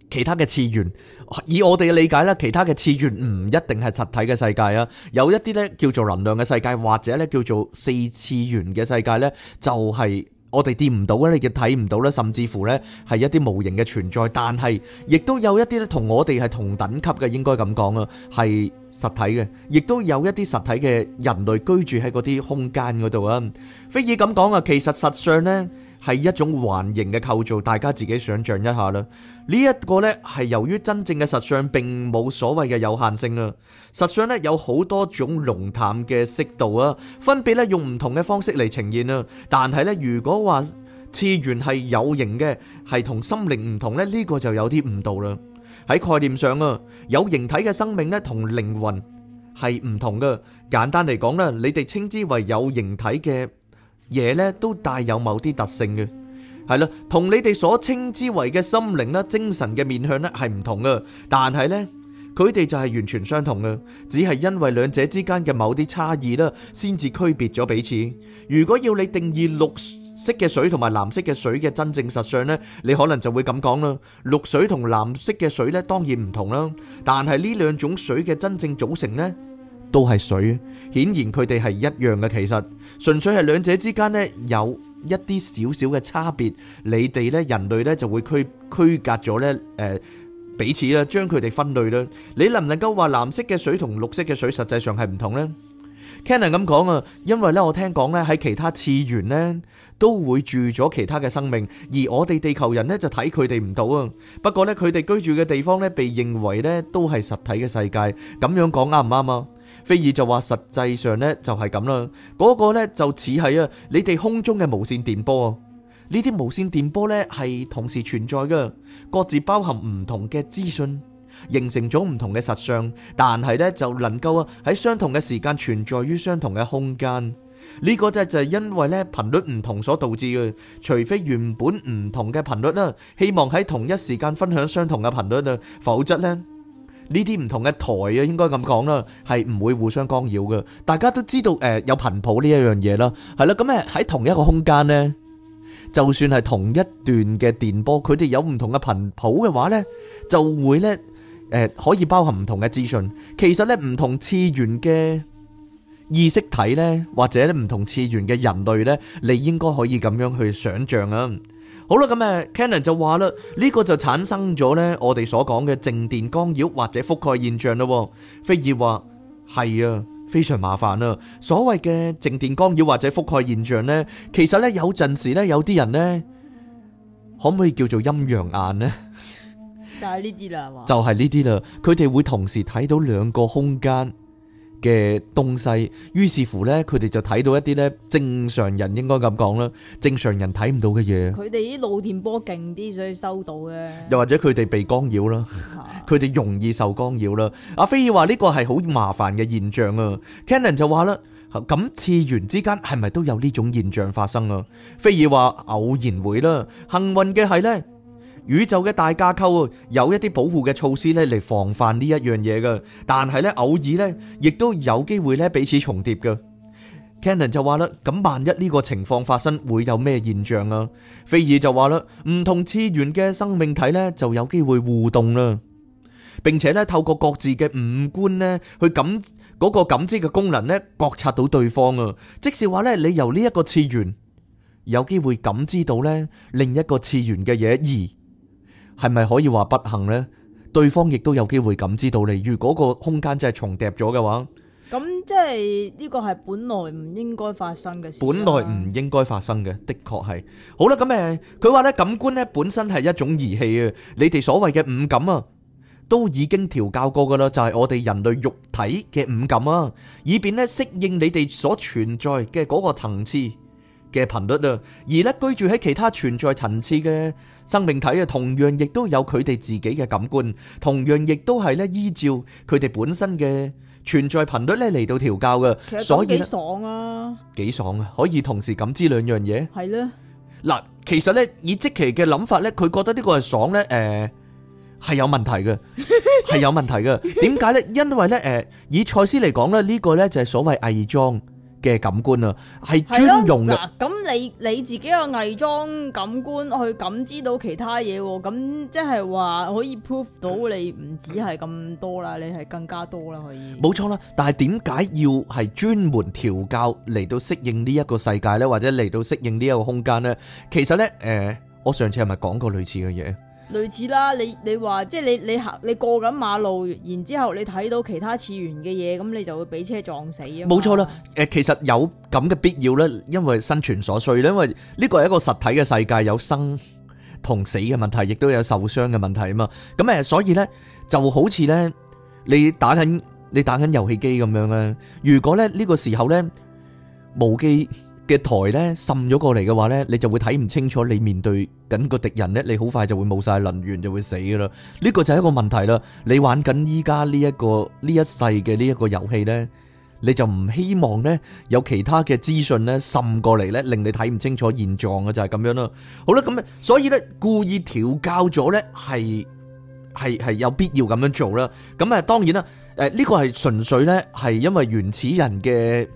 其他嘅次元，以我哋嘅理解咧，其他嘅次元唔一定係實體嘅世界啊，有一啲咧叫做能量嘅世界，或者咧叫做四次元嘅世界咧，就係、是、我哋掂唔到咧，亦睇唔到咧，甚至乎咧係一啲無形嘅存在。但係亦都有一啲咧同我哋係同等級嘅，應該咁講啊，係實體嘅，亦都有一啲實體嘅人類居住喺嗰啲空間嗰度啊。非以咁講啊，其實實上咧。係一種環形嘅構造，大家自己想象一下啦。呢一個咧係由於真正嘅實相並冇所謂嘅有限性啊。實相咧有好多種濃淡嘅色度啊，分別咧用唔同嘅方式嚟呈現啊。但係咧如果話次元係有形嘅，係同心靈唔同咧，呢個就有啲誤導啦。喺概念上啊，有形體嘅生命咧同靈魂係唔同㗎。簡單嚟講咧，你哋稱之為有形體嘅。嘢咧都帶有某啲特性嘅，係啦，同你哋所稱之為嘅心靈啦、精神嘅面向咧係唔同嘅，但係咧佢哋就係完全相同嘅，只係因為兩者之間嘅某啲差異啦，先至區別咗彼此。如果要你定義綠色嘅水同埋藍色嘅水嘅真正實相咧，你可能就會咁講啦。綠水同藍色嘅水咧當然唔同啦，但係呢兩種水嘅真正組成咧？都係水，顯然佢哋係一樣嘅。其實純粹係兩者之間呢有一啲少少嘅差別。你哋呢人類呢就會區區隔咗呢誒彼此啦，將佢哋分類啦。你能唔能夠話藍色嘅水同綠色嘅水實際上係唔同呢？Cannon 咁講啊，因為呢我聽講呢喺其他次元呢都會住咗其他嘅生命，而我哋地球人呢就睇佢哋唔到啊。不過呢佢哋居住嘅地方呢被認為呢都係實體嘅世界，咁樣講啱唔啱啊？菲爾就話：實際上呢就係咁啦，嗰個呢就似係啊，你哋空中嘅無線電波啊，呢啲無線電波呢係同時存在噶，各自包含唔同嘅資訊，形成咗唔同嘅實相，但係呢，就能夠啊喺相同嘅時間存在於相同嘅空間，呢、這個呢就係因為呢頻率唔同所導致嘅，除非原本唔同嘅頻率啦，希望喺同一時間分享相同嘅頻率啦，否則呢。呢啲唔同嘅台啊，應該咁講啦，係唔會互相干擾嘅。大家都知道，誒、呃、有頻譜呢一樣嘢啦，係啦，咁誒喺同一個空間呢，就算係同一段嘅電波，佢哋有唔同嘅頻譜嘅話呢，就會呢誒、呃、可以包含唔同嘅資訊。其實呢，唔同次元嘅意識體呢，或者咧唔同次元嘅人類呢，你應該可以咁樣去想像啊。好啦，咁誒 Cannon 就話啦，呢、呢個就產生咗呢我哋所講嘅靜電干擾或者覆蓋現象啦。飛爾話：係啊，非常麻煩啦、啊。所謂嘅靜電干擾或者覆蓋現象呢，其實呢，有陣時呢，有啲人呢，可唔可以叫做陰陽眼呢？就係呢啲啦，係 就係呢啲啦，佢哋 會同時睇到兩個空間嘅東西，於是乎呢，佢哋就睇到一啲咧，正常人應該咁講啦，正常人睇唔到嘅嘢。佢哋啲腦電波勁啲，所以收到嘅。又或者佢哋被干擾啦，佢 哋容易受干擾啦。阿菲爾話呢個係好麻煩嘅現象啊。Cannon 就話啦，咁次元之間係咪都有呢種現象發生啊？菲爾話偶然會啦，幸運嘅係呢。宇宙嘅大架構啊，有一啲保護嘅措施呢，嚟防範呢一樣嘢㗎，但係呢偶爾呢亦都有機會呢彼此重疊嘅。Cannon 就話啦，咁萬一呢個情況發生，會有咩現象啊？菲爾就話啦，唔同次元嘅生命體呢就有機會互動啦，並且呢透過各自嘅五官呢去感嗰個感知嘅功能呢，覺察到對方啊。即是話呢，你由呢一個次元有機會感知到呢另一個次元嘅嘢而，係咪可以話不幸呢？對方亦都有機會感知到你。如果個空間真係重疊咗嘅話，咁即係呢個係本來唔應該發生嘅事。本來唔應該發生嘅，的確係。好啦，咁誒，佢話呢，感官呢本身係一種儀器啊，你哋所謂嘅五感啊都已經調教過噶啦，就係我哋人類肉體嘅五感啊，以便呢適應你哋所存在嘅嗰個層次。嘅頻率啊，而咧居住喺其他存在層次嘅生命體啊，同樣亦都有佢哋自己嘅感官，同樣亦都係咧依照佢哋本身嘅存在頻率咧嚟到調教嘅。其實講幾爽啊，幾爽啊，可以同時感知兩樣嘢。係咯，嗱，其實咧以即其嘅諗法咧，佢覺得呢個係爽咧，誒，係有問題嘅，係有問題嘅。點解咧？因為咧，誒，以賽斯嚟講咧，呢個咧就係所謂偽裝。嘅感官啊，係專用嘅。咁你你自己個偽裝感官去感知到其他嘢，咁即係話可以 prove 到你唔止係咁多啦，你係更加多啦。可以，冇錯啦。但係點解要係專門調教嚟到適應呢一個世界呢，或者嚟到適應呢一個空間呢？其實呢，誒，我上次係咪講過類似嘅嘢？類似啦，你你話即係你你行你過緊馬路，然之後你睇到其他次元嘅嘢，咁你就會俾車撞死啊！冇錯啦，誒，其實有咁嘅必要咧，因為生存所需咧，因為呢個係一個實體嘅世界，有生同死嘅問題，亦都有受傷嘅問題啊嘛。咁誒，所以咧就好似咧，你打緊你打緊遊戲機咁樣咧，如果咧呢個時候咧冇機。無機嘅台咧滲咗過嚟嘅話咧，你就會睇唔清楚你面對緊個敵人咧，你好快就會冇晒能源就會死噶啦。呢個就係一個問題啦。你玩緊依家呢一個呢一世嘅呢一個遊戲咧，你就唔希望咧有其他嘅資訊咧滲過嚟咧，令你睇唔清楚現狀嘅就係咁樣啦。好啦，咁所以咧故意調教咗咧係係係有必要咁樣做啦。咁啊，當然啦，誒呢個係純粹咧係因為原始人嘅。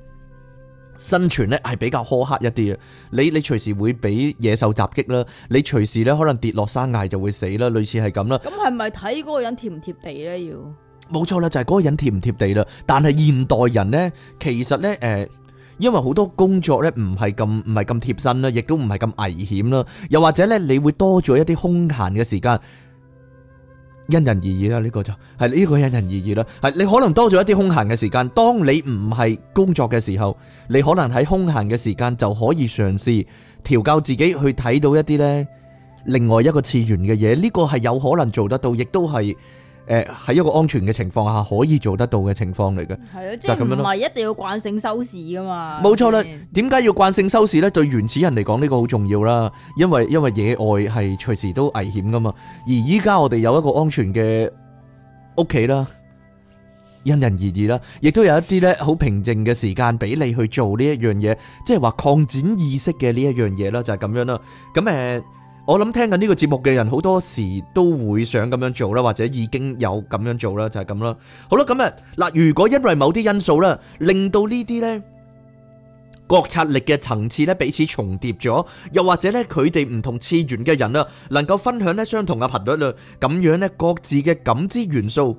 生存咧係比較苛刻一啲嘅，你你隨時會俾野獸襲擊啦，你隨時咧可能跌落山崖就會死啦，類似係咁啦。咁係咪睇嗰個人貼唔貼地咧？要冇錯啦，就係、是、嗰個人貼唔貼地啦。但係現代人呢，其實呢，誒、呃，因為好多工作呢唔係咁唔係咁貼身啦，亦都唔係咁危險啦，又或者呢，你會多咗一啲空閒嘅時間。因人而異啦，呢個就係呢個因人而異啦。係你可能多咗一啲空閒嘅時間，當你唔係工作嘅時候，你可能喺空閒嘅時間就可以嘗試調教自己去睇到一啲呢另外一個次元嘅嘢。呢個係有可能做得到，亦都係。誒，喺一個安全嘅情況下可以做得到嘅情況嚟嘅，的就係咁樣，唔係一定要慣性收視噶嘛。冇錯啦，點解要慣性收視咧？對原始人嚟講呢個好重要啦，因為因為野外係隨時都危險噶嘛。而依家我哋有一個安全嘅屋企啦，因人而異啦，亦都有一啲咧好平靜嘅時間俾你去做呢一樣嘢，即係話擴展意識嘅呢一樣嘢啦，就係、是、咁樣啦。咁、嗯、誒。我諗聽緊呢個節目嘅人好多時都會想咁樣做啦，或者已經有咁樣做啦，就係咁啦。好啦，咁啊嗱，如果因為某啲因素啦，令到呢啲咧覺察力嘅層次咧彼此重疊咗，又或者咧佢哋唔同次元嘅人啦，能夠分享咧相同嘅頻率啦，咁樣咧各自嘅感知元素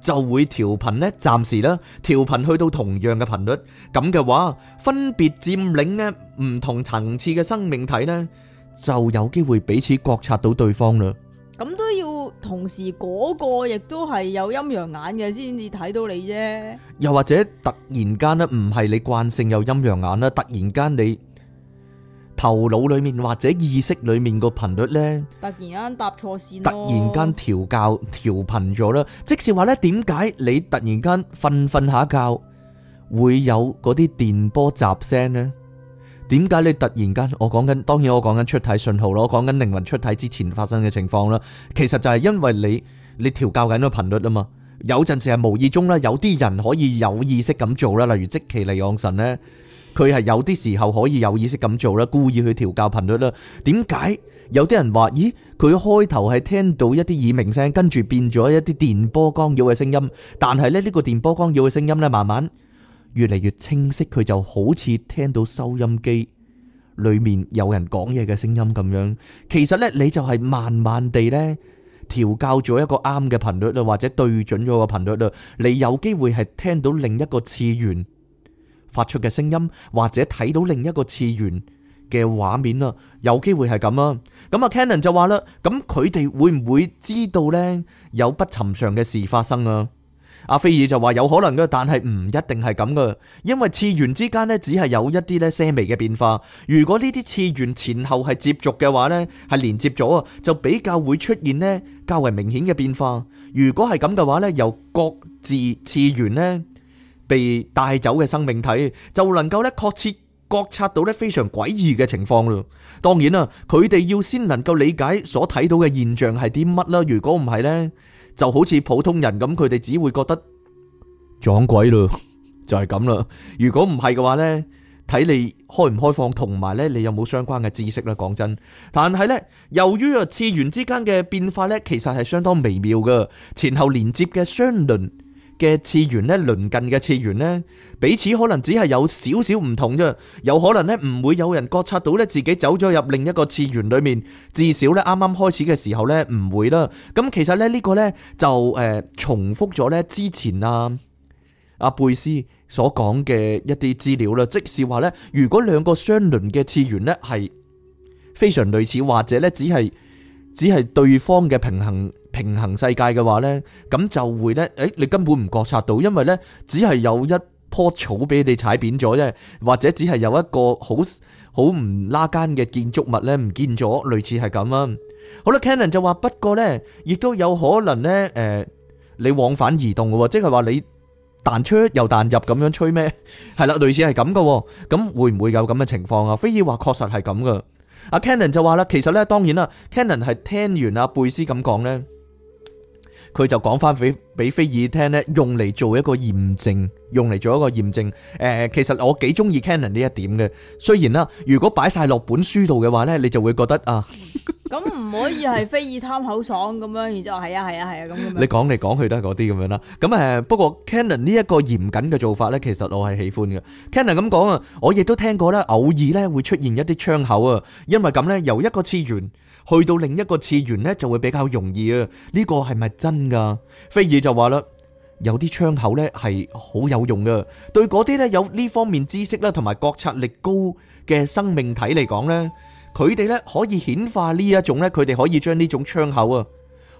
就會調頻咧，暫時啦，調頻去到同樣嘅頻率，咁嘅話，分別佔領咧唔同層次嘅生命體咧。就有機會彼此覺察到對方啦。咁都要同時嗰個亦都係有陰陽眼嘅先至睇到你啫。又或者突然間咧，唔係你慣性有陰陽眼啦，突然間你頭腦裏面或者意識裏面個頻率咧，突然間搭錯線，突然間調教調頻咗啦。即是話咧，點解你突然間瞓瞓下覺會有嗰啲電波雜聲咧？點解你突然間？我講緊，當然我講緊出體信號咯，我講緊靈魂出體之前發生嘅情況啦。其實就係因為你你調教緊個頻率啊嘛。有陣時係無意中啦，有啲人可以有意識咁做啦，例如即其利昂神咧，佢係有啲時候可以有意識咁做啦，故意去調教頻率啦。點解有啲人話？咦，佢開頭係聽到一啲耳鳴聲，跟住變咗一啲電波干擾嘅聲音，但係咧，呢個電波干擾嘅聲音咧，慢慢。越嚟越清晰，佢就好似聽到收音機裏面有人講嘢嘅聲音咁樣。其實呢，你就係慢慢地呢調校咗一個啱嘅頻率啦，或者對準咗個頻率啦，你有機會係聽到另一個次元發出嘅聲音，或者睇到另一個次元嘅畫面啦。有機會係咁啊。咁、嗯、啊 Cannon 就話啦，咁佢哋會唔會知道呢？有不尋常嘅事發生啊？阿菲爾就話有可能噶，但係唔一定係咁噶，因為次元之間咧只係有一啲咧細微嘅變化。如果呢啲次元前後係接續嘅話呢，係連接咗啊，就比較會出現呢較為明顯嘅變化。如果係咁嘅話呢，由各自次元呢被帶走嘅生命體，就能夠咧確切覺察到呢非常詭異嘅情況啦。當然啦，佢哋要先能夠理解所睇到嘅現象係啲乜啦。如果唔係呢。就好似普通人咁，佢哋只會覺得撞鬼咯， 就係咁啦。如果唔係嘅話呢，睇你開唔開放，同埋呢你有冇相關嘅知識啦。講真，但係呢，由於啊次元之間嘅變化呢，其實係相當微妙嘅，前後連接嘅相鄰嘅次元呢，鄰近嘅次元呢，彼此可能只係有少少唔同啫，有可能呢，唔會有人覺察到呢，自己走咗入另一個次元裏面，至少呢，啱啱開始嘅時候呢，唔會啦。咁其實呢，呢個呢，就誒重複咗呢之前啊阿貝斯所講嘅一啲資料啦。即係話呢，如果兩個相鄰嘅次元呢，係非常類似，或者呢，只係只係對方嘅平衡。平衡世界嘅話咧，咁就會咧，誒，你根本唔覺察到，因為咧，只係有一棵草俾你踩扁咗啫，或者只係有一個好好唔拉間嘅建築物咧，唔見咗，類似係咁啊。好啦，Cannon 就話，不過咧，亦都有可能咧，誒，你往返移動嘅喎，即係話你彈出又彈入咁樣吹咩？係啦，類似係咁嘅喎，咁會唔會有咁嘅情況啊？菲爾話確實係咁嘅。阿 Cannon 就話啦，其實咧，當然啦，Cannon 係聽完阿貝斯咁講咧。佢就講翻俾俾菲爾聽咧，用嚟做一個驗證。用嚟做一個驗證，誒，其實我幾中意 Canon 呢一點嘅。雖然啦，如果擺晒落本書度嘅話咧，你就會覺得啊，咁唔可以係菲爾貪口爽咁樣，然之後係啊係啊係啊咁樣。你講嚟講去都係嗰啲咁樣啦。咁誒，不過 Canon 呢一個嚴謹嘅做法咧，其實我係喜歡嘅。Canon 咁講啊，我亦都聽過啦，偶爾咧會出現一啲窗口啊，因為咁咧由一個次元去到另一個次元咧就會比較容易啊。呢個係咪真㗎？菲爾就話啦。.有啲窗口咧，係好有用噶。對嗰啲咧有呢方面知識啦，同埋覺察力高嘅生命體嚟講咧，佢哋咧可以顯化呢一種咧，佢哋可以將呢種窗口啊，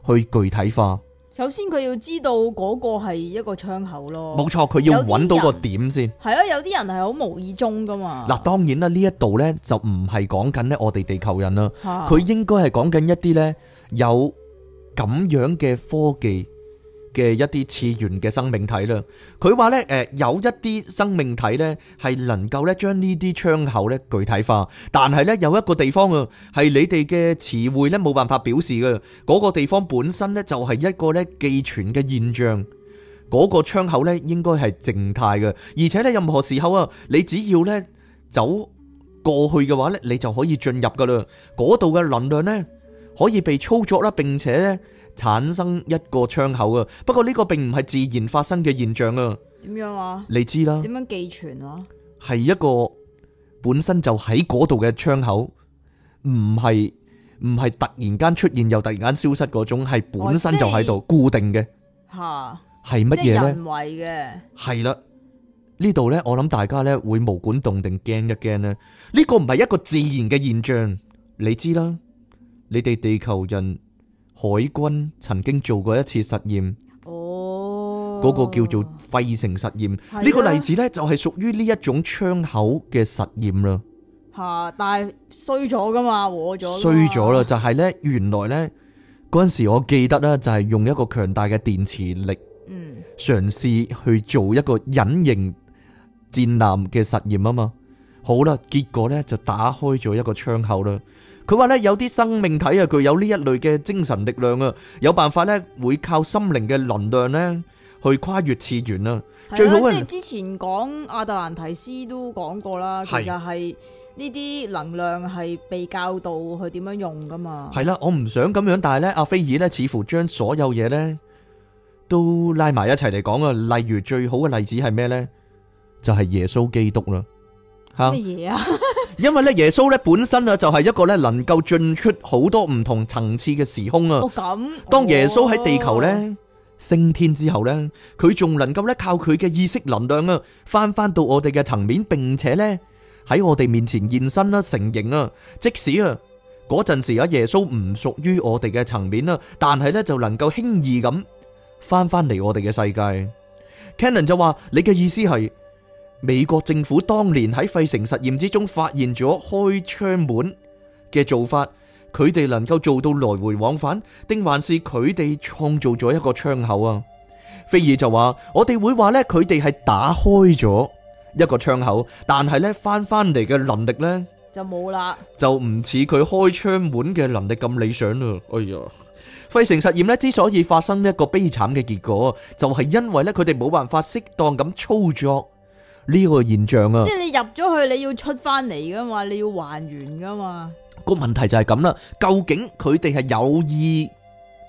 去具體化。首先佢要知道嗰個係一個窗口咯。冇錯，佢要揾到個點先。係咯，有啲人係好無意中噶嘛。嗱，當然啦，呢一度咧就唔係講緊咧我哋地球人啦，佢應該係講緊一啲咧有咁樣嘅科技嘅一啲次元嘅生命體啦，佢話呢誒，有一啲生命體呢係能夠呢將呢啲窗口呢具體化，但係呢有一個地方啊，係你哋嘅詞彙呢冇辦法表示噶，嗰個地方本身呢就係一個呢寄存嘅現象，嗰個窗口呢應該係靜態嘅，而且呢任何時候啊，你只要呢走過去嘅話呢，你就可以進入噶啦，嗰度嘅能量呢可以被操作啦，並且呢。產生一個窗口啊，不過呢個並唔係自然發生嘅現象啊。點樣啊？你知啦。點樣寄存啊？係一個本身就喺嗰度嘅窗口，唔係唔係突然間出現又突然間消失嗰種，係本身就喺度固定嘅。吓、哦，係乜嘢咧？呢人為嘅。係啦，呢度呢，我諗大家呢會無管動定驚一驚咧。呢、呢個唔係一個自然嘅現象，你知啦。你哋地球人。海軍曾經做過一次實驗，嗰、哦、個叫做費城實驗。呢的個例子呢，就係屬於呢一種窗口嘅實驗啦。吓、啊，但係衰咗噶嘛，破咗。衰咗啦，就係呢，原來呢，嗰陣時我記得呢，就係用一個強大嘅電磁力，嘗試、嗯、去做一個隱形戰艦嘅實驗啊嘛。好啦，結果咧就打開咗一個窗口啦。佢話咧有啲生命體啊，具有呢一類嘅精神力量啊，有辦法咧會靠心靈嘅能量咧去跨越次元啦。最好嘅即係之前講亞特蘭提斯都講過啦，其實係呢啲能量係被教導去點樣用噶嘛。係啦，我唔想咁樣，但係咧阿菲爾咧似乎將所有嘢咧都拉埋一齊嚟講啊。例如最好嘅例子係咩咧？就係耶穌基督啦。咩、啊、因為咧，耶穌咧本身啊，就係一個咧能夠進出好多唔同層次嘅時空啊。哦，咁當耶穌喺地球咧、哦、升天之後咧，佢仲能夠咧靠佢嘅意識能量啊，翻翻到我哋嘅層面，並且咧喺我哋面前現身啦、成形啊。即使啊嗰陣時阿耶穌唔屬於我哋嘅層面啊，但係咧就能夠輕易咁翻翻嚟我哋嘅世界。Cannon 就話：你嘅意思係？美國政府當年喺費城實驗之中發現咗開窗門嘅做法，佢哋能夠做到來回往返，定還是佢哋創造咗一個窗口啊？菲爾就話：我哋會話呢，佢哋係打開咗一個窗口，但係呢翻翻嚟嘅能力呢就冇啦，就唔似佢開窗門嘅能力咁理想啦。哎呀，費城實驗呢之所以發生一個悲慘嘅結果，就係因為呢，佢哋冇辦法適當咁操作。呢個現象啊，即係你入咗去，你要出翻嚟噶嘛，你要還原噶嘛。個問題就係咁啦，究竟佢哋係有意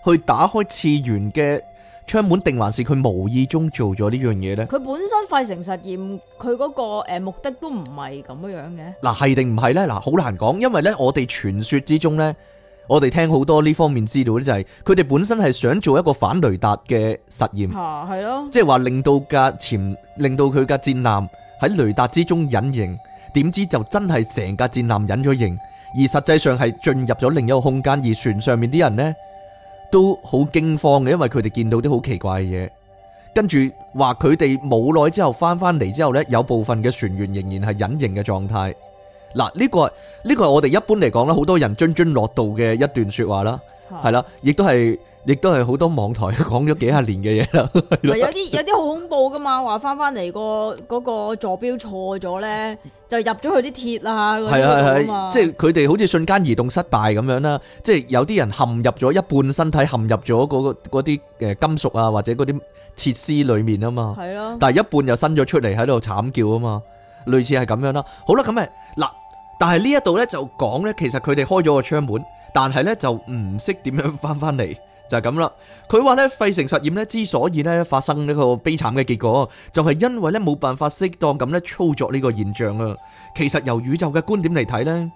去打開次元嘅窗門，定還是佢無意中做咗呢樣嘢呢？佢本身費城實驗，佢嗰個誒目的都唔係咁樣嘅。嗱，係定唔係呢？嗱，好難講，因為呢，我哋傳說之中呢。我哋聽好多呢方面資料咧，就係佢哋本身係想做一個反雷達嘅實驗，嚇係咯、啊，即係話令到架潛令到佢架戰艦喺雷達之中隱形，點知就真係成架戰艦隱咗形，而實際上係進入咗另一個空間，而船上面啲人呢，都好驚慌嘅，因為佢哋見到啲好奇怪嘅嘢，跟住話佢哋冇耐之後翻翻嚟之後呢，有部分嘅船員仍然係隱形嘅狀態。嗱，呢個呢個係我哋一般嚟講咧，好多人津津樂道嘅一段説話啦，係啦是，亦都係亦都係好多網台講咗幾十年嘅嘢啦。有啲有啲好恐怖噶嘛？話翻翻嚟個嗰個坐標錯咗咧，就入咗佢啲鐵啊嗰啲㗎嘛，啊、即係佢哋好似瞬間移動失敗咁樣啦。即係有啲人陷入咗一半身體，陷入咗嗰啲誒金屬啊，或者嗰啲設施裡面啊嘛，係咯，但係一半又伸咗出嚟喺度慘叫啊嘛，類似係咁樣啦。好啦，咁咪。但係呢一度呢，就講呢，其實佢哋開咗個窗門，但係呢，就唔識點樣翻翻嚟，就係咁啦。佢話呢，費城實驗呢，之所以呢發生呢個悲慘嘅結果，就係因為呢冇辦法適當咁呢操作呢個現象啊。其實由宇宙嘅觀點嚟睇呢，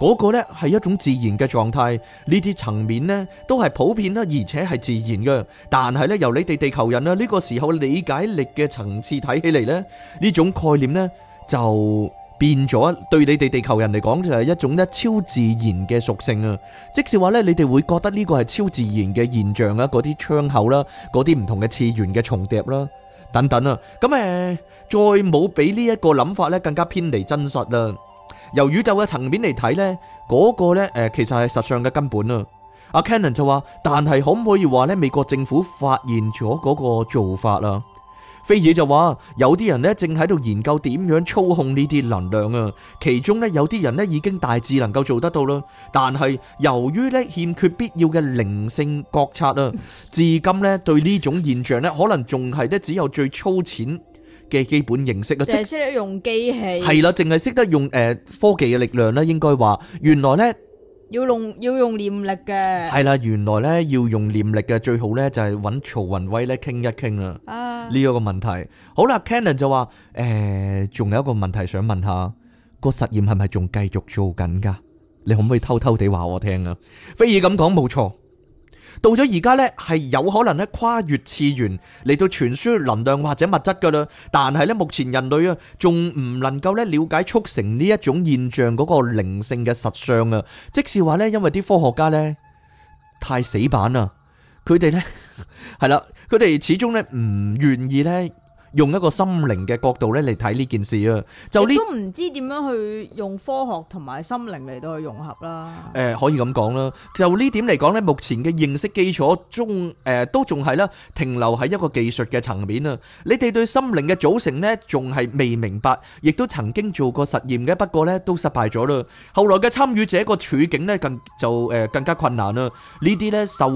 嗰個呢係一種自然嘅狀態，呢啲層面呢都係普遍啦，而且係自然嘅。但係呢，由你哋地球人啊呢個時候理解力嘅層次睇起嚟呢，呢種概念呢就。變咗，對你哋地球人嚟講就係一種咧超自然嘅屬性啊！即使話咧，你哋會覺得呢個係超自然嘅現象啊，嗰啲窗口啦，嗰啲唔同嘅次元嘅重疊啦，等等啊！咁、嗯、誒，再冇俾呢一個諗法咧，更加偏離真實啦。由宇宙嘅層面嚟睇呢，嗰、那個呢誒，其實係實上嘅根本啊。阿 Cannon 就話，但係可唔可以話呢美國政府發現咗嗰個做法啊？非也就話，有啲人呢正喺度研究點樣操控呢啲能量啊，其中呢，有啲人呢已經大致能夠做得到啦，但係由於呢欠缺必要嘅靈性覺察啊， 至今呢對呢種現象呢，可能仲係呢只有最粗淺嘅基本認識啊， 即係是識得用機器，係、呃、啦，淨係識得用誒科技嘅力量呢，應該話原來呢。 要用要用念力嘅，係啦，原來咧，要用念力嘅最好咧就係、是，搵曹雲威咧傾一傾啦。呢一、啊、個問題，好啦 Cannon 就話誒、仲、呃、有一個問題想問下，個實驗係咪仲繼續做緊噶？你可唔可以偷偷地話我聽啊？菲爾咁講冇錯。到咗而家呢，係有可能咧跨越次元嚟到傳輸能量或者物質噶啦。但係呢，目前人類啊，仲唔能夠咧了解促成呢一種現象嗰個靈性嘅實相啊。即是話呢，因為啲科學家呢，太死板啦，佢哋呢，係 啦，佢哋始終呢唔願意呢。用一個心靈嘅角度咧嚟睇呢件事啊，就呢都唔知點樣去用科學同埋心靈嚟到去融合啦。誒、呃，可以咁講啦。就呢點嚟講呢，目前嘅認識基礎中，誒、呃、都仲係啦，停留喺一個技術嘅層面啊。你哋對心靈嘅組成呢，仲係未明白，亦都曾經做過實驗嘅，不過呢都失敗咗啦。後來嘅參與者個處境呢，更就誒更加困難啦。呢啲呢。受。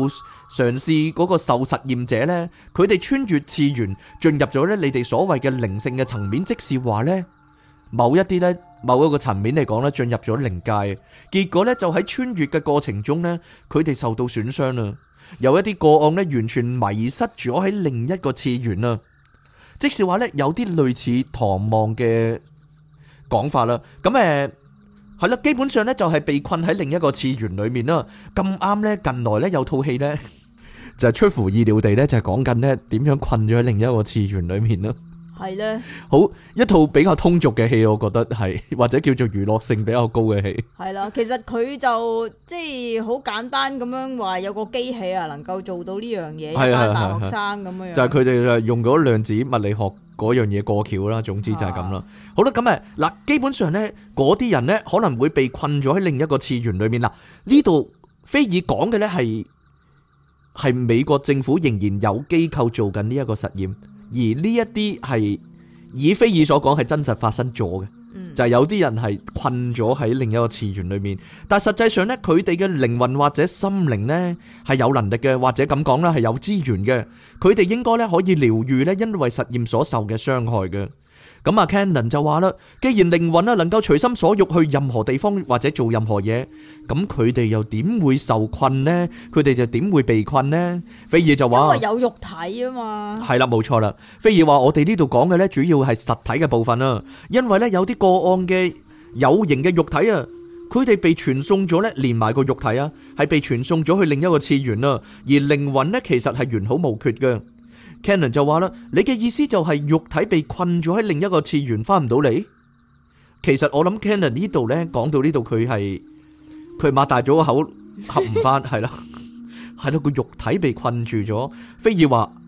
嘗試嗰個受實驗者呢，佢哋穿越次元進入咗呢你哋所謂嘅靈性嘅層面，即是話呢某一啲呢某一個層面嚟講呢進入咗靈界，結果呢，就喺穿越嘅過程中呢，佢哋受到損傷啦，有一啲個案呢，完全迷失咗喺另一個次元啦，即是話呢有啲類似唐望嘅講法啦，咁誒係啦，基本上呢就係被困喺另一個次元裏面啦，咁啱呢，近來呢有套戲呢。就係出乎意料地咧，就係講緊咧點樣困咗喺另一個次元裏面咯呢。係咧，好一套比較通俗嘅戲，我覺得係或者叫做娛樂性比較高嘅戲。係啦，其實佢就即係好簡單咁樣話有個機器啊，能夠做到呢樣嘢，係啊，係啊，係啊，大學生咁樣。就係佢哋用咗量子物理學嗰樣嘢過橋啦。總之就係咁啦。的好啦，咁誒嗱，基本上咧嗰啲人咧可能會被困咗喺另一個次元裏面啦。呢度菲爾講嘅咧係。係美國政府仍然有機構做緊呢一個實驗，而呢一啲係以菲爾所講係真實發生咗嘅，嗯、就係有啲人係困咗喺另一個次元裏面，但係實際上呢，佢哋嘅靈魂或者心靈呢係有能力嘅，或者咁講啦，係有資源嘅，佢哋應該呢可以療愈呢，因為實驗所受嘅傷害嘅。咁啊，Cannon 就話啦，既然靈魂啊能夠隨心所欲去任何地方或者做任何嘢，咁佢哋又點會受困呢？佢哋就點會被困呢？菲爾就話，因為有肉體啊嘛。係啦，冇錯啦。菲爾話我哋呢度講嘅呢，主要係實體嘅部分啊。因為咧有啲個案嘅有形嘅肉體啊，佢哋被傳送咗呢，連埋個肉體啊，係被傳送咗去另一個次元啊。而靈魂呢，其實係完好無缺嘅。Cannon 就話啦，你嘅意思就係、是、肉體被困住喺另一個次元，翻唔到嚟。其實我諗 Cannon 呢度咧，講到呢度佢係佢擘大咗個口合唔翻，係啦， 係啦，個肉體被困住咗。菲爾話。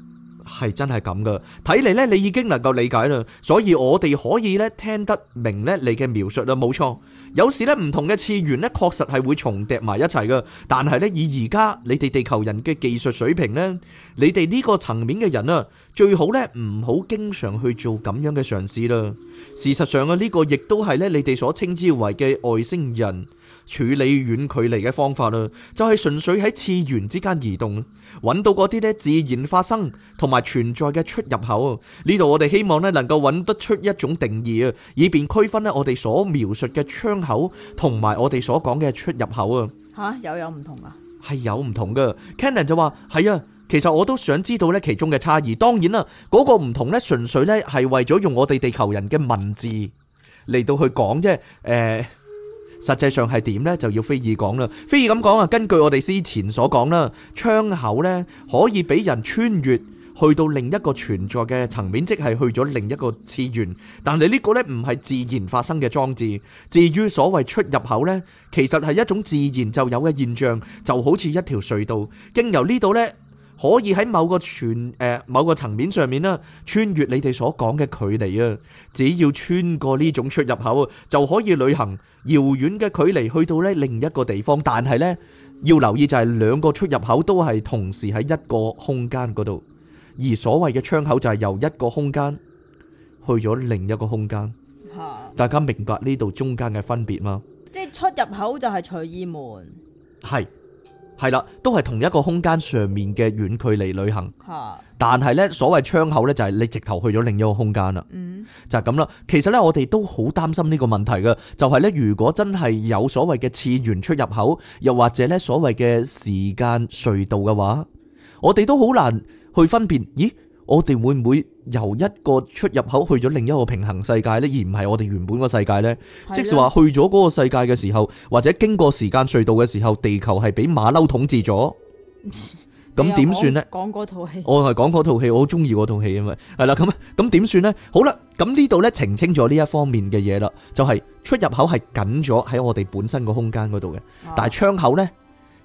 係真係咁噶睇嚟呢，你已經能夠理解啦，所以我哋可以咧聽得明咧你嘅描述啦，冇錯。有時呢唔同嘅次元咧確實係會重疊埋一齊噶，但係呢，以而家你哋地球人嘅技術水平呢，你哋呢個層面嘅人啊，最好呢唔好經常去做咁樣嘅嘗試啦。事實上啊，呢個亦都係咧你哋所稱之為嘅外星人，處理遠距離嘅方法啦，就係、是、純粹喺次元之間移動，揾到嗰啲呢自然發生同埋存在嘅出入口啊！呢度我哋希望呢能夠揾得出一種定義啊，以便區分呢我哋所描述嘅窗口同埋我哋所講嘅出入口啊！嚇，有有唔同啊？係有唔同噶，Cannon 就話係啊，其實我都想知道呢其中嘅差異。當然啦，嗰、那個唔同呢，純粹呢係為咗用我哋地球人嘅文字嚟到去講啫，誒、呃。實際上係點呢？就要菲爾講啦。菲爾咁講啊，根據我哋之前所講啦，窗口呢可以俾人穿越去到另一個存在嘅層面，即係去咗另一個次元。但係呢個呢唔係自然發生嘅裝置。至於所謂出入口呢，其實係一種自然就有嘅現象，就好似一條隧道經由呢度呢。可以喺某個全、誒，某個層面上面啦，穿越你哋所講嘅距離啊，只要穿過呢種出入口，就可以旅行遙遠嘅距離去到呢另一個地方。但係呢要留意就係兩個出入口都係同時喺一個空間嗰度，而所謂嘅窗口就係由一個空間去咗另一個空間。吓，大家明白呢度中間嘅分別嗎？即係出入口就係隨意門，係。係啦，都係同一個空間上面嘅遠距離旅行，但係呢，所謂窗口呢，就係你直頭去咗另一個空間啦，嗯、就係咁啦。其實呢，我哋都好擔心呢個問題嘅，就係呢，如果真係有所謂嘅次元出入口，又或者呢所謂嘅時間隧道嘅話，我哋都好難去分辨。咦，我哋會唔會？由一個出入口去咗另一個平衡世界咧，而唔係我哋原本個世界咧。即係話去咗嗰個世界嘅時候，或者經過時間隧道嘅時候，地球係俾馬騮統治咗，咁點算咧？講嗰套戲，我係講嗰套戲，我好中意嗰套戲啊嘛。係啦，咁咁點算咧？好啦，咁呢度咧澄清咗呢一方面嘅嘢啦，就係出入口係緊咗喺我哋本身個空間嗰度嘅，但係窗口咧，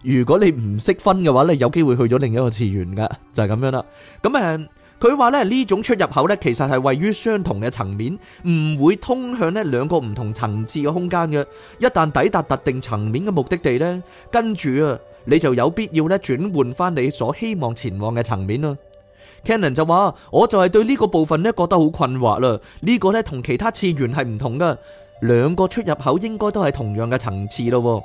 如果你唔識分嘅話，你有機會去咗另一個次元噶，就係咁樣啦。咁誒。佢話咧，呢種出入口咧，其實係位於相同嘅層面，唔會通向咧兩個唔同層次嘅空間嘅。一旦抵達特定層面嘅目的地呢，跟住啊，你就有必要咧轉換返你所希望前往嘅層面啦。Cannon 就話：我就係對呢個部分咧覺得好困惑啦。呢個咧同其他次元係唔同㗎，兩個出入口應該都係同樣嘅層次咯。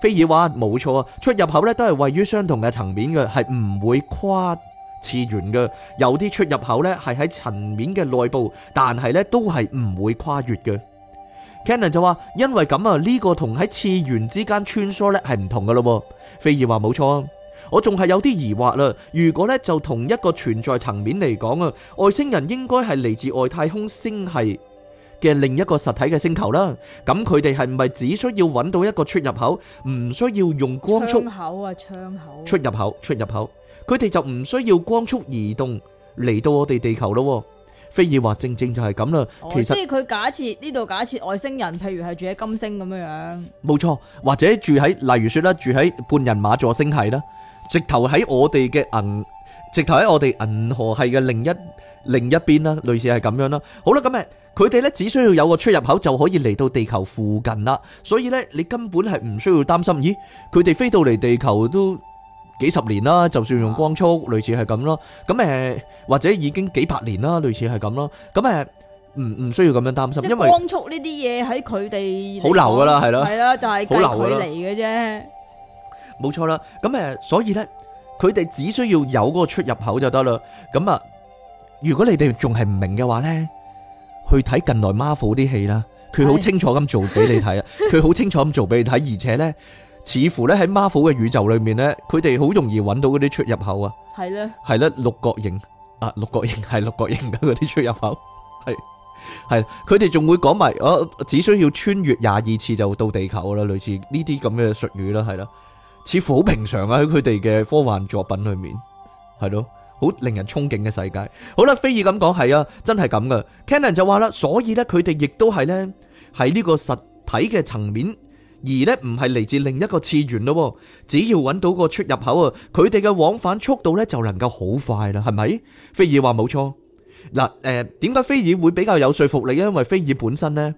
菲爾話：冇錯啊，出入口咧都係位於相同嘅層面嘅，係唔會跨。次元嘅有啲出入口咧係喺層面嘅內部，但係咧都係唔會跨越嘅。Cannon 就話，因為咁啊，呢個同喺次元之間穿梭咧係唔同噶咯。菲爾話冇錯，我仲係有啲疑惑啦。如果咧就同一個存在層面嚟講啊，外星人應該係嚟自外太空星系嘅另一個實體嘅星球啦。咁佢哋係唔係只需要揾到一個出入口，唔需要用光出口啊？窗口出入口、出入口。佢哋就唔需要光速移動嚟到我哋地球咯，菲爾話正正就係咁啦。其實，即係佢假設呢度假設外星人，譬如係住喺金星咁樣樣。冇錯，或者住喺，例如說啦，住喺半人馬座星系啦，直頭喺我哋嘅銀，直頭喺我哋銀河系嘅另一另一邊啦，類似係咁樣啦。好啦，咁咪佢哋咧只需要有個出入口就可以嚟到地球附近啦，所以咧你根本係唔需要擔心，咦？佢哋飛到嚟地球都幾十年啦，就算用光速，類似係咁咯。咁誒，或者已經幾百年啦，類似係咁咯。咁誒，唔唔需要咁樣擔心，因為光速呢啲嘢喺佢哋好流噶啦，係咯，係啦，就係個距離嘅啫。冇錯啦。咁誒，所以咧，佢哋只需要有嗰個出入口就得啦。咁啊，如果你哋仲係唔明嘅話咧，去睇近來 Marvel 啲戲啦，佢好清楚咁做俾你睇啊，佢好 清楚咁做俾你睇，而且咧。似乎咧喺 Marvel 嘅宇宙裏面咧，佢哋好容易揾到嗰啲出入口啊！係咧的，係咧，六角形啊，六角形係六角形嘅嗰啲出入口，係係，佢哋仲會講埋哦，只需要穿越廿二次就到地球啦，類似呢啲咁嘅術語啦，係啦，似乎好平常啊，喺佢哋嘅科幻作品裏面，係咯，好令人憧憬嘅世界。好啦，菲爾咁講係啊，真係咁噶。Cannon 就話啦，所以咧佢哋亦都係咧喺呢個實體嘅層面。而呢唔係嚟自另一個次元咯，只要揾到個出入口啊，佢哋嘅往返速度呢，就能夠好快啦，係咪？菲爾話冇錯，嗱、呃，誒，點解菲爾會比較有說服力咧？因為菲爾本身呢，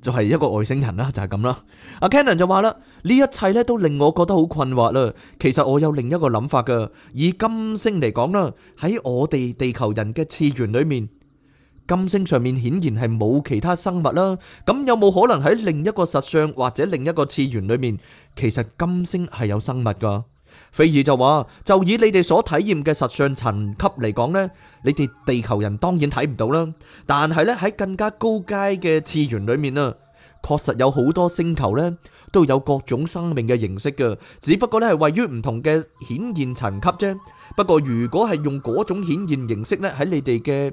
就係、是、一個外星人啦，就係咁啦。阿 Cannon 就話說啦，呢 一切呢，都令我覺得好困惑啦。其實我有另一個諗法噶，以金星嚟講啦，喺我哋地球人嘅次元裏面。金星上面顯然係冇其他生物啦，咁有冇可能喺另一個實相或者另一個次元裏面，其實金星係有生物噶？菲爾就話：就以你哋所體驗嘅實相層級嚟講呢，你哋地球人當然睇唔到啦。但係呢，喺更加高階嘅次元裏面啊，確實有好多星球呢都有各種生命嘅形式噶，只不過呢係位於唔同嘅顯現層級啫。不過如果係用嗰種顯現形式呢，喺你哋嘅。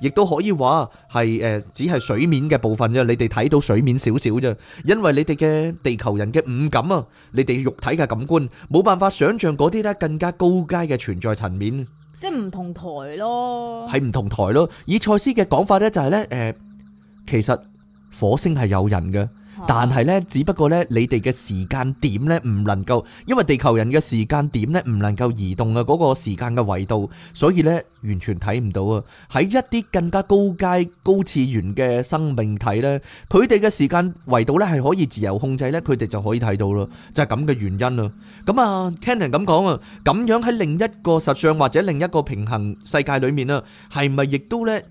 亦都可以話係誒，只係水面嘅部分啫。你哋睇到水面少少啫，因為你哋嘅地球人嘅五感啊，你哋肉體嘅感官冇辦法想像嗰啲咧更加高階嘅存在層面。即係唔同台咯，係唔同台咯。以賽斯嘅講法咧，就係咧誒，其實火星係有人嘅。但係咧，只不過咧，你哋嘅時間點咧，唔能夠，因為地球人嘅時間點咧，唔能夠移動啊，嗰個時間嘅維度，所以咧，完全睇唔到啊！喺一啲更加高階高次元嘅生命體咧，佢哋嘅時間維度咧係可以自由控制咧，佢哋就可以睇到咯，就係咁嘅原因啊！咁啊，Cannon 咁講啊，咁樣喺另一個實相或者另一個平衡世界裏面啊，係咪亦都咧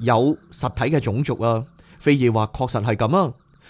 有實體嘅種族啊？菲爾話：確實係咁啊！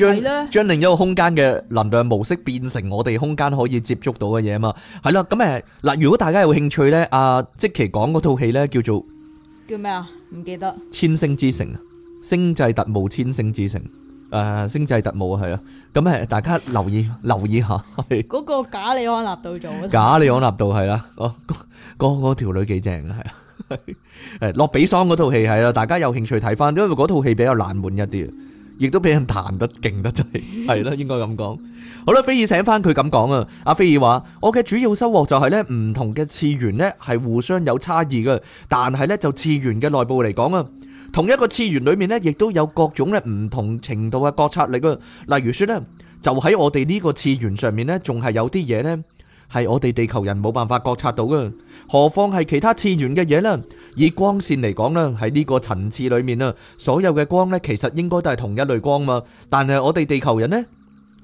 將將另一個空間嘅能量模式變成我哋空間可以接觸到嘅嘢啊嘛，係啦，咁誒嗱，如果大家有興趣咧，阿、啊、即奇講嗰套戲咧叫做叫咩啊？唔記得千星之城，星際特務千星之城，誒、啊，星際特務啊，係啊，咁誒，大家留意 留意下，嗰個賈里安納杜做賈里安納杜係啦， 哦，嗰嗰條女幾正啊，係啊，誒，洛比桑嗰套戲係啊，大家有興趣睇翻，因為嗰套戲比較爛漫一啲。亦都俾人彈得勁得滯，係啦，應該咁講。好啦，菲爾醒翻佢咁講啊。阿菲爾話：我嘅主要收穫就係呢：唔同嘅次元呢係互相有差異嘅，但係呢就次元嘅內部嚟講啊，同一個次元裡面呢亦都有各種咧唔同程度嘅覺察力啊。例如説呢，就喺我哋呢個次元上面呢，仲係有啲嘢呢。係我哋地球人冇辦法覺察到嘅，何況係其他次元嘅嘢啦。以光線嚟講啦，喺呢個層次裏面啊，所有嘅光咧其實應該都係同一類光嘛。但係我哋地球人咧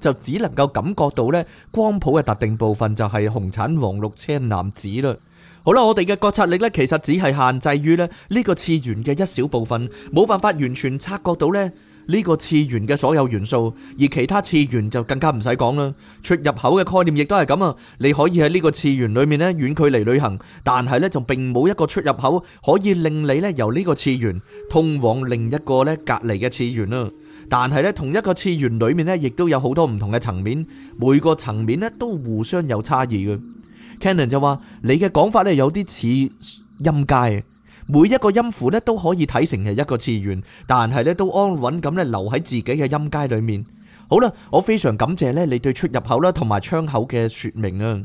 就只能夠感覺到咧光譜嘅特定部分就係紅橙黃綠青藍紫啦。好啦，我哋嘅覺察力咧其實只係限制於咧呢個次元嘅一小部分，冇辦法完全察覺到咧，呢個次元嘅所有元素，而其他次元就更加唔使講啦。出入口嘅概念亦都係咁啊！你可以喺呢個次元裏面咧遠距離旅行，但係呢就並冇一個出入口可以令你咧由呢個次元通往另一個咧隔離嘅次元啊。但係呢，同一個次元裏面呢亦都有好多唔同嘅層面，每個層面呢都互相有差異嘅。Cannon 就話：你嘅講法呢，有啲似音階。每一個音符咧都可以睇成係一個次元，但係咧都安穩咁咧留喺自己嘅音階裏面。好啦，我非常感謝咧你對出入口啦同埋窗口嘅說明啊。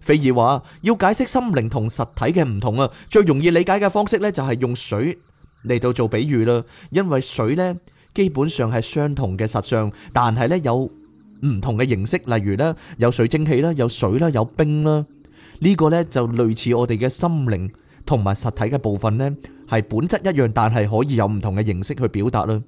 菲爾話要解釋心靈同實體嘅唔同啊，最容易理解嘅方式咧就係用水嚟到做比喻啦。因為水咧基本上係相同嘅實相，但係咧有唔同嘅形式，例如咧有水蒸氣啦，有水啦，有冰啦。呢個咧就類似我哋嘅心靈。同埋實體嘅部分咧，係本質一樣，但係可以有唔同嘅形式去表達啦。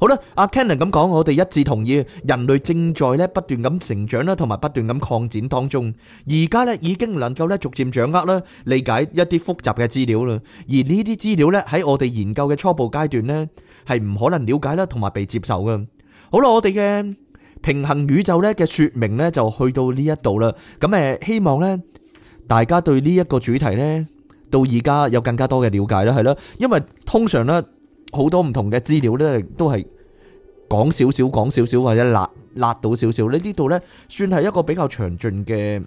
好啦，阿 Kenon 咁講，我哋一致同意，人類正在咧不斷咁成長啦，同埋不斷咁擴展當中。而家咧已經能夠咧逐漸掌握啦，理解一啲複雜嘅資料啦。而呢啲資料咧喺我哋研究嘅初步階段咧，係唔可能了解啦，同埋被接受噶。好啦，我哋嘅平衡宇宙咧嘅說明咧就去到呢一度啦。咁誒，希望咧大家對呢一個主題咧，到而家有更加多嘅了解啦，係啦，因為通常咧好多唔同嘅資料咧，都係講少少、講少少或者辣辣到少少。呢呢度咧算係一個比較詳盡嘅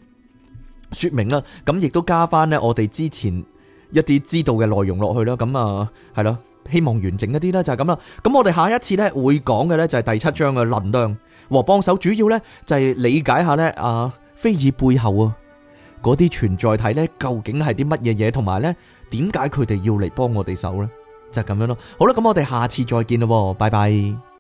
說明啦。咁亦都加翻咧我哋之前一啲知道嘅內容落去啦。咁啊，係啦，希望完整一啲啦，就係咁啦。咁我哋下一次咧會講嘅咧就係第七章嘅能量和幫手，主要咧就係理解下咧啊，飛爾背後啊，嗰啲存在體呢，究竟係啲乜嘢嘢，同埋呢點解佢哋要嚟幫我哋手呢？就係咁樣咯。好啦，咁我哋下次再見啦，拜拜。